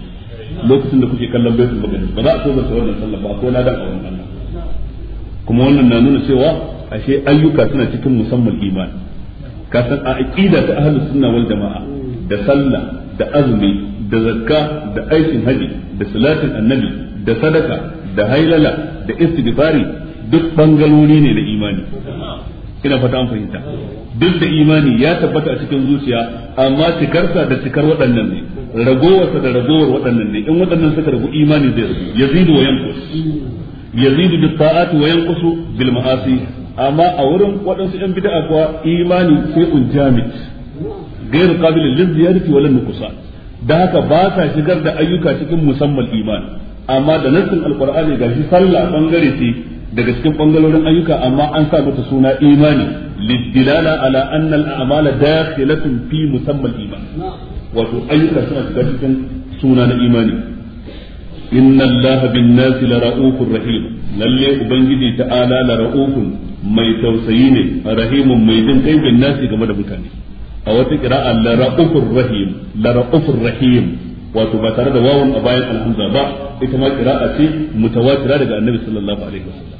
lokacin da kuke kallon baitul maqdis ba za a so da wannan sallah ba ko na da a wannan kuma wannan na nuna cewa ashe ayyuka suna cikin musamman iman ka san a aqida ta ahlus sunna wal jamaa da sallah da azumi da zakka da aikin haji da salatin annabi da sadaka da hailala da istighfari duk bangalori ne na imani ina fata an fahimta duk da imani ya tabbata a cikin zuciya amma cikarsa da cikar waɗannan ne ragowarsa da ragowar waɗannan ne in waɗannan suka ragu imani zai Ya yazidu wa yanqus yazidu bis sa'ati wa yanqusu bil amma a wurin waɗansu ɗan bid'a kuwa imani shay'un jamid ghayr qabil lil ziyadati wal nuqsan da haka ba sa shigar da ayyuka cikin musamman iman amma da nassin alqur'ani ga shi sallah bangare ce daga cikin bangarorin ayyuka amma an sa mata suna imani lidilala ala anna al'amala dakhilatun fi musamman iman wato ayyuka suna shiga cikin suna na imani inna allaha bin nasi la ra'ufur rahim lalle ubangiji ta'ala la ra'ufun mai tausayi ne a rahimun mai jin kai bin nasi game da mutane a wata qira'a la ra'ufur rahim la ra'ufur rahim wato ba tare da wawan a bayan alhamza ba ita ma qira'a ce mutawatira daga annabi sallallahu alaihi wasallam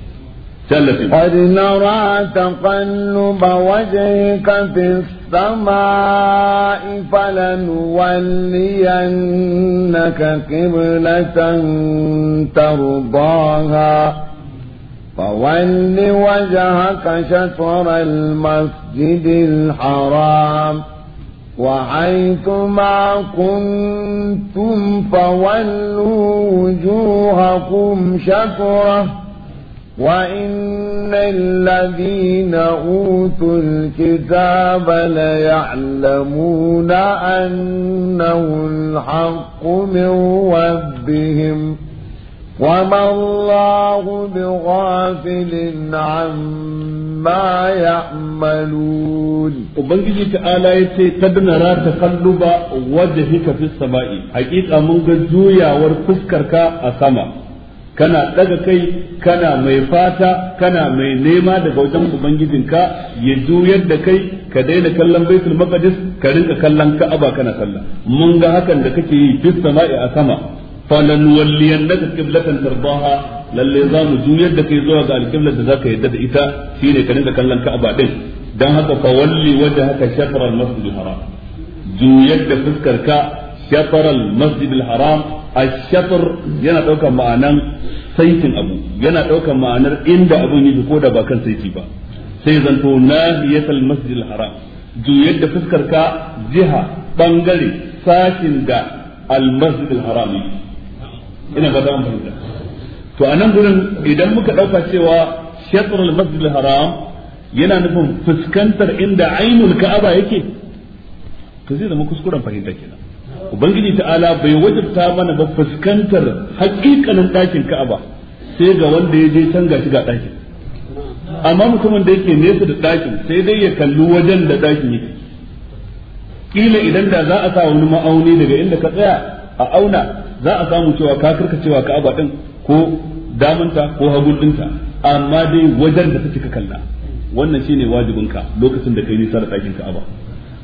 قد نرى تقلب وجهك في السماء فلنولينك قبلة ترضاها فول وجهك شطر المسجد الحرام وحيث ما كنتم فولوا وجوهكم شطره وإن الذين أوتوا الكتاب ليعلمون أنه الحق من ربهم وما الله بغافل عما يعملون وبنجي تعالى يتي قد نرى تقلب وجهك في السماء حقيقة من جويا ورفسكرك أسماء kana daga kai kana mai fata kana mai nema daga wajen ubangijinka ya juyar da kai ka daina kallon baitul maqdis ka rinka kallon ka'aba kana sallah mun ga hakan da kake yi fis sama'i a sama falan walliyannaka qiblatan tardaha lalle za mu juyar da kai zuwa ga alqiblar da zaka yadda da ita shine ka rinka kallon ka'aba din dan haka fa walli wajhaka shatr al-masjid al-haram juyar da fuskarka ka shatr al-masjid al-haram ashatar yana daukar ma'anan saitin abu yana daukar ma'anar inda abun yake ko da ba kan saiti ba sai zanto nahiyatal masjidil haram juyar da fuskar ka jiha bangare sashin da al masjidil haram ina ga dan fahimta to a nan gurin idan muka ɗauka cewa shatar al masjidil haram yana nufin fuskantar inda ainul ka'aba yake to zai zama kuskuren fahimta kenan ubangiji ta'ala bai wajabta mana ba fuskantar hakikanin ɗakin ka'aba sai ga wanda ya je can ga shiga ɗakin amma mutumin da yake nesa da ɗakin sai dai ya kalli wajen da ɗakin yake kila idan da za a sa wani ma'auni daga inda ka tsaya a auna za a samu cewa ka karkacewa ka'aba din ko damanta ko hagun dinta amma dai wajen da ta ka kalla wannan shine wajibinka lokacin da kai nisa da ɗakin ka'aba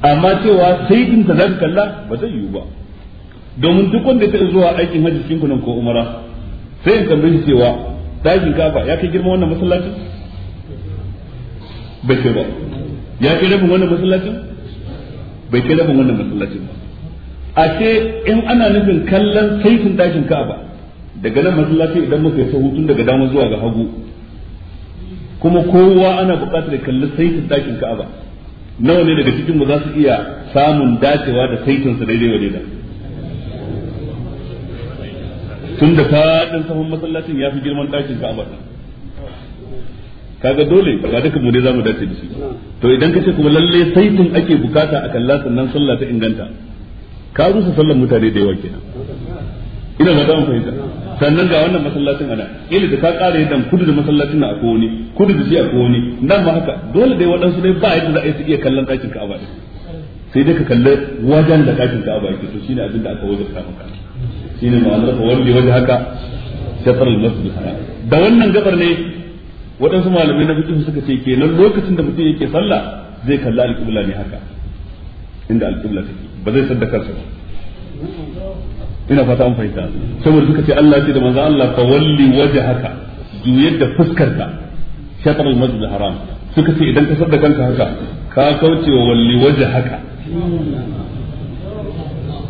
amma cewa sai in ta zaka kalla ba zai yiwu ba domin duk wanda ta zuwa aikin hajji cikin kunan ko umara sai in tambaye shi cewa dakin kafa ya kai girma wannan masallacin bai kai ba ya kai rabin wannan masallacin bai kai rabin wannan masallacin ba a ce in ana nufin kallon saifin dakin ka'aba daga nan masallaci idan muka yi sahu tun daga dama zuwa ga hagu kuma kowa ana buƙatar kallon saifin dakin ka'aba nawa ne daga cikin mu za su iya samun dacewa da saitin su daidai wa daidai tun da faɗin saman masallacin ya fi girman ɗakin ka'aba kaga dole ba duka mu ne za mu dace da shi to idan ka ce kuma lalle saitin ake bukata a kalla sannan sallah ta inganta ka rusa sallan mutane da yawa kenan ina ga mu fahimta sannan ga wannan masallacin ana ila da ta ƙara yadda kudu da masallacin na akwai wani kudu da shi akwai wani nan ma haka dole dai waɗansu dai ba yadda za a yi su iya kallon ɗakin ka'aba ɗin sai dai ka kalli wajen da ɗakin ka'aba yake to shine abin da aka wajarta maka shine ma'anar ka wani waje haka shatar al-masjid haram da wannan gabar ne waɗansu malamai na fiqh suka ce kenan lokacin da mutum yake sallah zai kalla al-qibla ne haka inda al-qibla take ba zai sadda kansa ba ina fata an fahimta saboda suka ce Allah ce da manzo Allah fa walli wajhaka juyar da fuskarka shatar al-masjid haram suka ce idan ka sadda kanka haka ka kauce wa walli wajhaka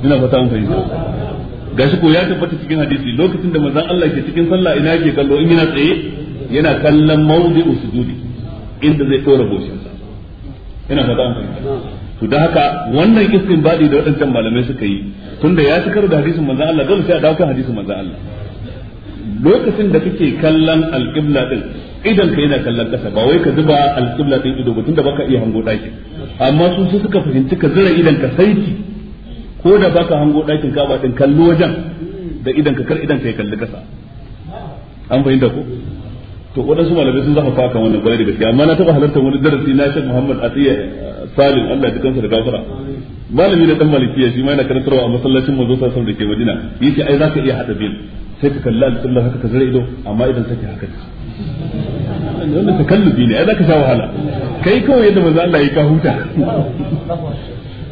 ina fata an fahimta gashi ko ya tabbata cikin hadisi lokacin da manzon Allah ke cikin sallah ina yake kallo in yana tsaye yana kallon mawdi'u sujudi inda zai tsora goshinsa ina fata an fahimta to da haka wannan badi da waɗancan malamai suka yi tunda ya cikar da hadisin manzon Allah dole sai a dauka hadisin manzon Allah lokacin da kake kallon alqibla din idan ka yana kallon ƙasa ba wai ka zuba alqibla din ido ba tunda baka iya hango daki amma su su suka fahimci ka zira idan ka saiki ko da baka hango ɗakin ka ba din kallo wajen da idan ka kar idan ka kalli ƙasa an fahimta ko to waɗansu malamai sun zama faka wannan kwarai da gaske amma na taɓa halartar wani darasi na shek muhammad atiyya salim allah ya kansa da gafara malami da dan malikiya shi ma yana karantarwa a masallacin manzo sallallahu alaihi da ke madina yace ai zaka iya hada bil sai ka kalla al-sallah haka ka zare ido amma idan sake haka wannan takallubi ne ai zaka sha wahala kai kawai yadda manzo Allah ya ka huta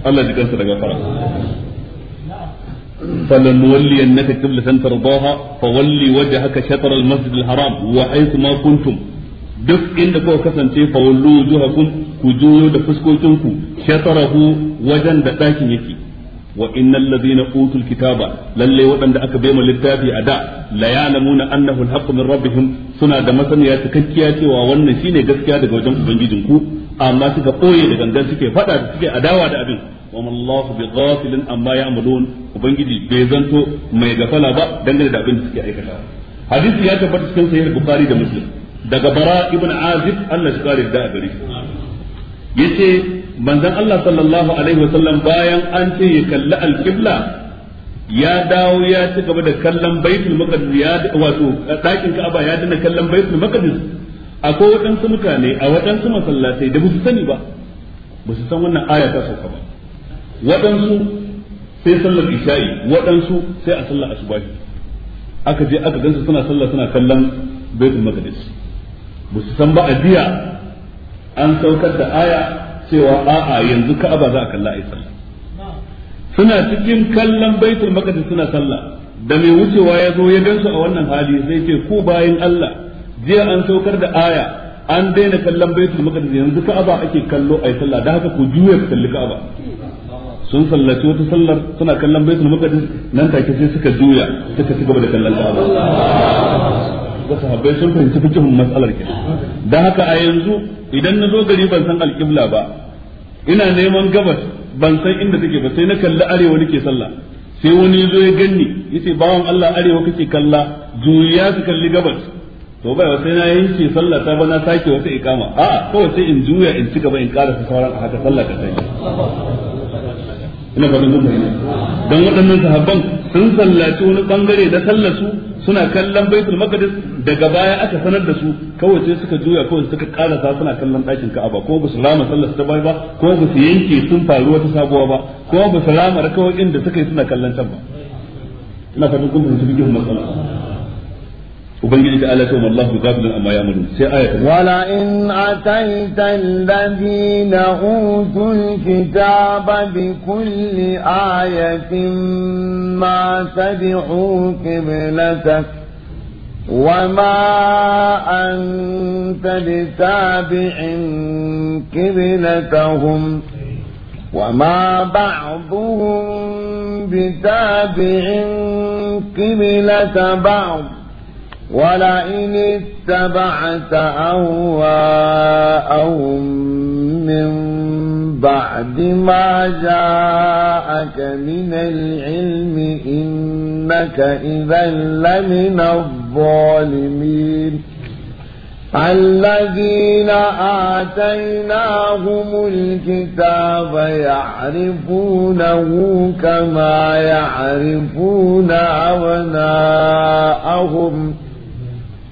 Allah ya kansa da gafara فلنولينك قبلة ترضاها فولي وجهك شطر المسجد الحرام وحيث ما كنتم duk inda kuka kasance fa wallu wujuhakum ku juyo da fuskokinku shatarahu wajen da dakin yake wa innal ladina utul kitaba lalle waɗanda aka bai mu littafi a da la ya'lamuna annahu al min rabbihim suna da masaniya cikakkiya cewa wannan shine gaskiya daga wajen ku amma suka koye da gangan suke fada suke adawa da abin wa Allah bi ghafilin amma ya'malun ubangiji bai zanto mai gafala ba dangane da abin da suke aikata hadisi ya tabbata cikin sahih bukhari da muslim daga bara ibn azib Allah shi kare da gare yace manzon Allah sallallahu alaihi wasallam bayan an ce ya kalli alqibla ya dawo ya ci gaba da kallon baitul maqdis ya wato dakin ka'aba ya dana kallon baitul maqdis akwai waɗansu mutane a waɗansu masallatai da ba su sani ba ba su san wannan aya ta sauka ba waɗansu sai sallar isha'i waɗansu sai a sallar asubahi aka je aka gansu suna sallar suna kallon baitul maqdis ba su san ba a biya an saukar da aya cewa a'a yanzu ka'aba za a kalla ai suna cikin kallon baitul maqdis suna sallah da mai wucewa ya zo ya gansu a wannan hali zai ce ko bayan Allah jiya an saukar da aya an daina kallon baitul maqdis yanzu ka'aba ake kallo ai sallah da haka ku juya ku kalli ka'aba sun sallaci wata sallar suna kallon baitul maqdis nan take sai suka juya suka ci gaba da kallon ka'aba ga sahabbai sun fahimci fikihun mas'alar kenan dan haka a yanzu idan na zo gari ban san alqibla ba ina neman gabas ban san inda take ba sai na kalli arewa nake sallah sai wani zo ya ganni yace bawan Allah arewa kake kalla juya su kalli gabas to bai sai na yanke sallah ta ba na sake wata ikama a'a kawai sai in juya in ci gaba in karasa sauran a haka sallah ta sai ina ba mun bayyana dan waɗannan sahabban sun sallaci wani bangare da sallar su suna kallon baitul maqdis daga baya aka sanar da su kawai sai suka juya kawai suka sa suna kallon ɗakin ka'aba ko ba su rama sallar ta bai ba ko ba su yanke sun faru wata sabuwa ba ko ba su rama rakawai inda suka yi suna kallon can ba ina fatan kun fahimci bidiyon matsala وبنجي تعالى ثم الله غافل عما يعملون سي آية ولئن أتيت الذين أوتوا الكتاب بكل آية ما تبعوا قبلتك وما أنت بتابع قبلتهم وما بعضهم بتابع قبلة بعض ولئن اتبعت أهواءهم من بعد ما جاءك من العلم إنك إذا لمن الظالمين الذين آتيناهم الكتاب يعرفونه كما يعرفون أبناءهم ۖ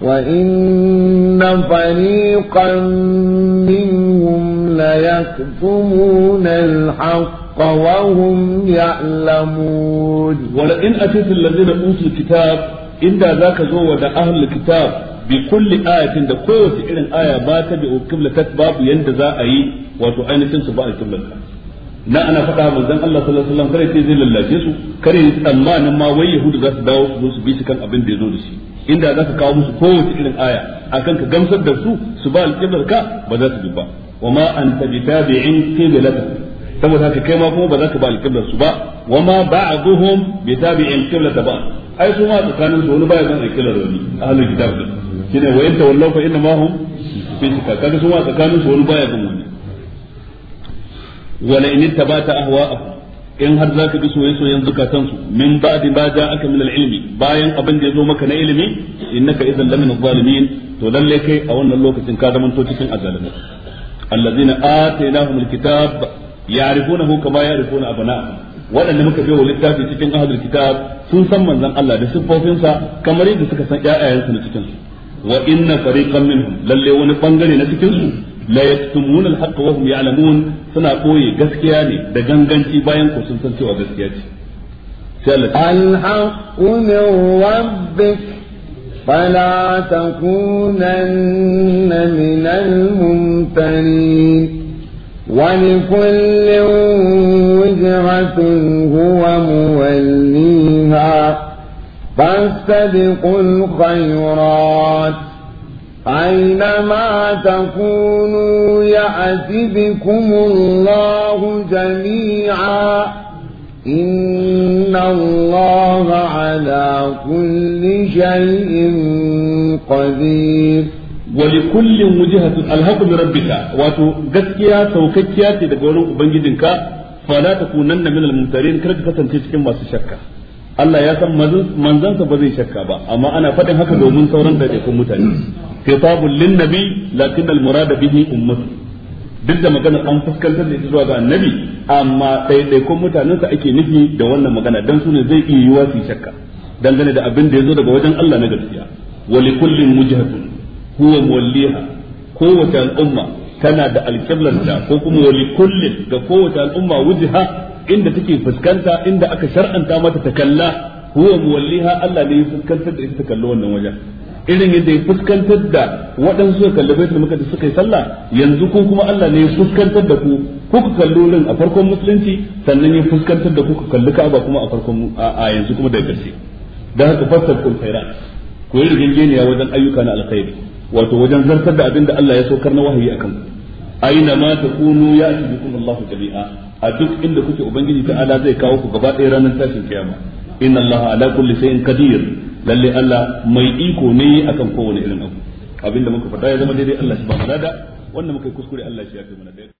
وإن فريقا منهم ليكتمون الحق وهم يعلمون ولئن أتيت الذين أوتوا الكتاب إن ذاك زود أهل الكتاب بكل آية da إلى الآية aya ba ta da kibla ta babu yanda na ana faɗa manzon Allah sallallahu alaihi wasallam kare sai zai lallace su kare yi tsammanin ma wai yahudu za su dawo su zo su bi shi kan abin da ya zo da shi inda za ka kawo musu kowace irin aya akan ka gamsar da su su ba alƙiblar ka ba za su bi ba wa ma anta bitabi'in qiblatan saboda haka kai ma kuma ba za ka ba alƙiblar su ba wa ma ba'dhum tabi'in qiblatan ba ai su ma tsakanin su wani baya kan alƙiblar wani ahlul kitab kine wa yanta wallahu fa inna ma hum fi shikka kaga su ma tsakanin su wani baya kan wani wala in tabata ahwa'ahum in har za ka bi soye-soyen su min ba da ba ja aka min ilmi bayan abin da ya zo maka na ilimi innaka idan lamin zalimin to lalle kai a wannan lokacin ka zama to cikin azalimin allazina atainahumul kitab ya'rifunahu kama ya'rifuna abna'ahum waɗanda muka bai wa littafi cikin ahlul kitab sun san manzon Allah da siffofinsa kamar yadda suka san ƴaƴayensu na cikin su wa inna fariqan minhum lalle wani bangare na cikin su لا يكتمون الحق وهم يعلمون سنا قوي قسكيا دقنقنتي باين قسن سنتي وقسكيا الحق من ربك فلا تكونن من الممتنين ولكل وجهة هو موليها فاستبقوا الخيرات أينما تكونوا يأت بكم الله جميعا إن الله على كل شيء قدير ولكل وجهة الحق بربك واتو غسكيا سوككيا تدقولوا بنجدنك فلا تكونن من الممترين كرك كتنتيش كما شكا Allah ya san manzansa ba zai shakka ba amma ana faɗin haka domin sauran ɗaiɗaikun mutane khitabun linnabi lakin al-murada bihi ummatu duk da maganar an fuskantar da ita zuwa ga annabi amma ɗaiɗaikun mutanensa ake nufi da wannan magana dan su ne zai iya yiwa su shakka dangane da abin da ya zo daga wajen Allah na gaskiya wa li kullin huwa muwalliha kowace al'umma tana da alƙiblarta ko kuma wali kullin ga kowace al'umma wujiha inda take fuskanta inda aka shar'anta mata ta kalla huwa muwalliha Allah ne ya fuskantar da ita ta kalla wannan wajen irin yadda ya fuskantar da waɗansu suka kalli baitul maqdis suka yi sallah yanzu ko kuma Allah ne ya fuskantar da ku kuka kalli wurin a farkon musulunci sannan ya fuskantar da ku ku kalli Ka'aba kuma a farkon a yanzu kuma daga ƙarshe dan haka fassarkul khairat ku yi rigingeniya wajen ayyuka na alkhairi wato wajen zartar da abin da Allah ya saukar na wahayi akan ku aina ma takunu ya'ti bikum Allahu jami'a a duk inda kuke ubangiji ta'ala zai kawo ku gaba ɗaya ranar tashin kiyama inna Allah ala kulli shay'in qadir lalle Allah mai iko ne akan kowane irin abu abinda muka faɗa ya zama daidai Allah shi ba mu wanda muka yi kuskure Allah shi ya kai mana daidai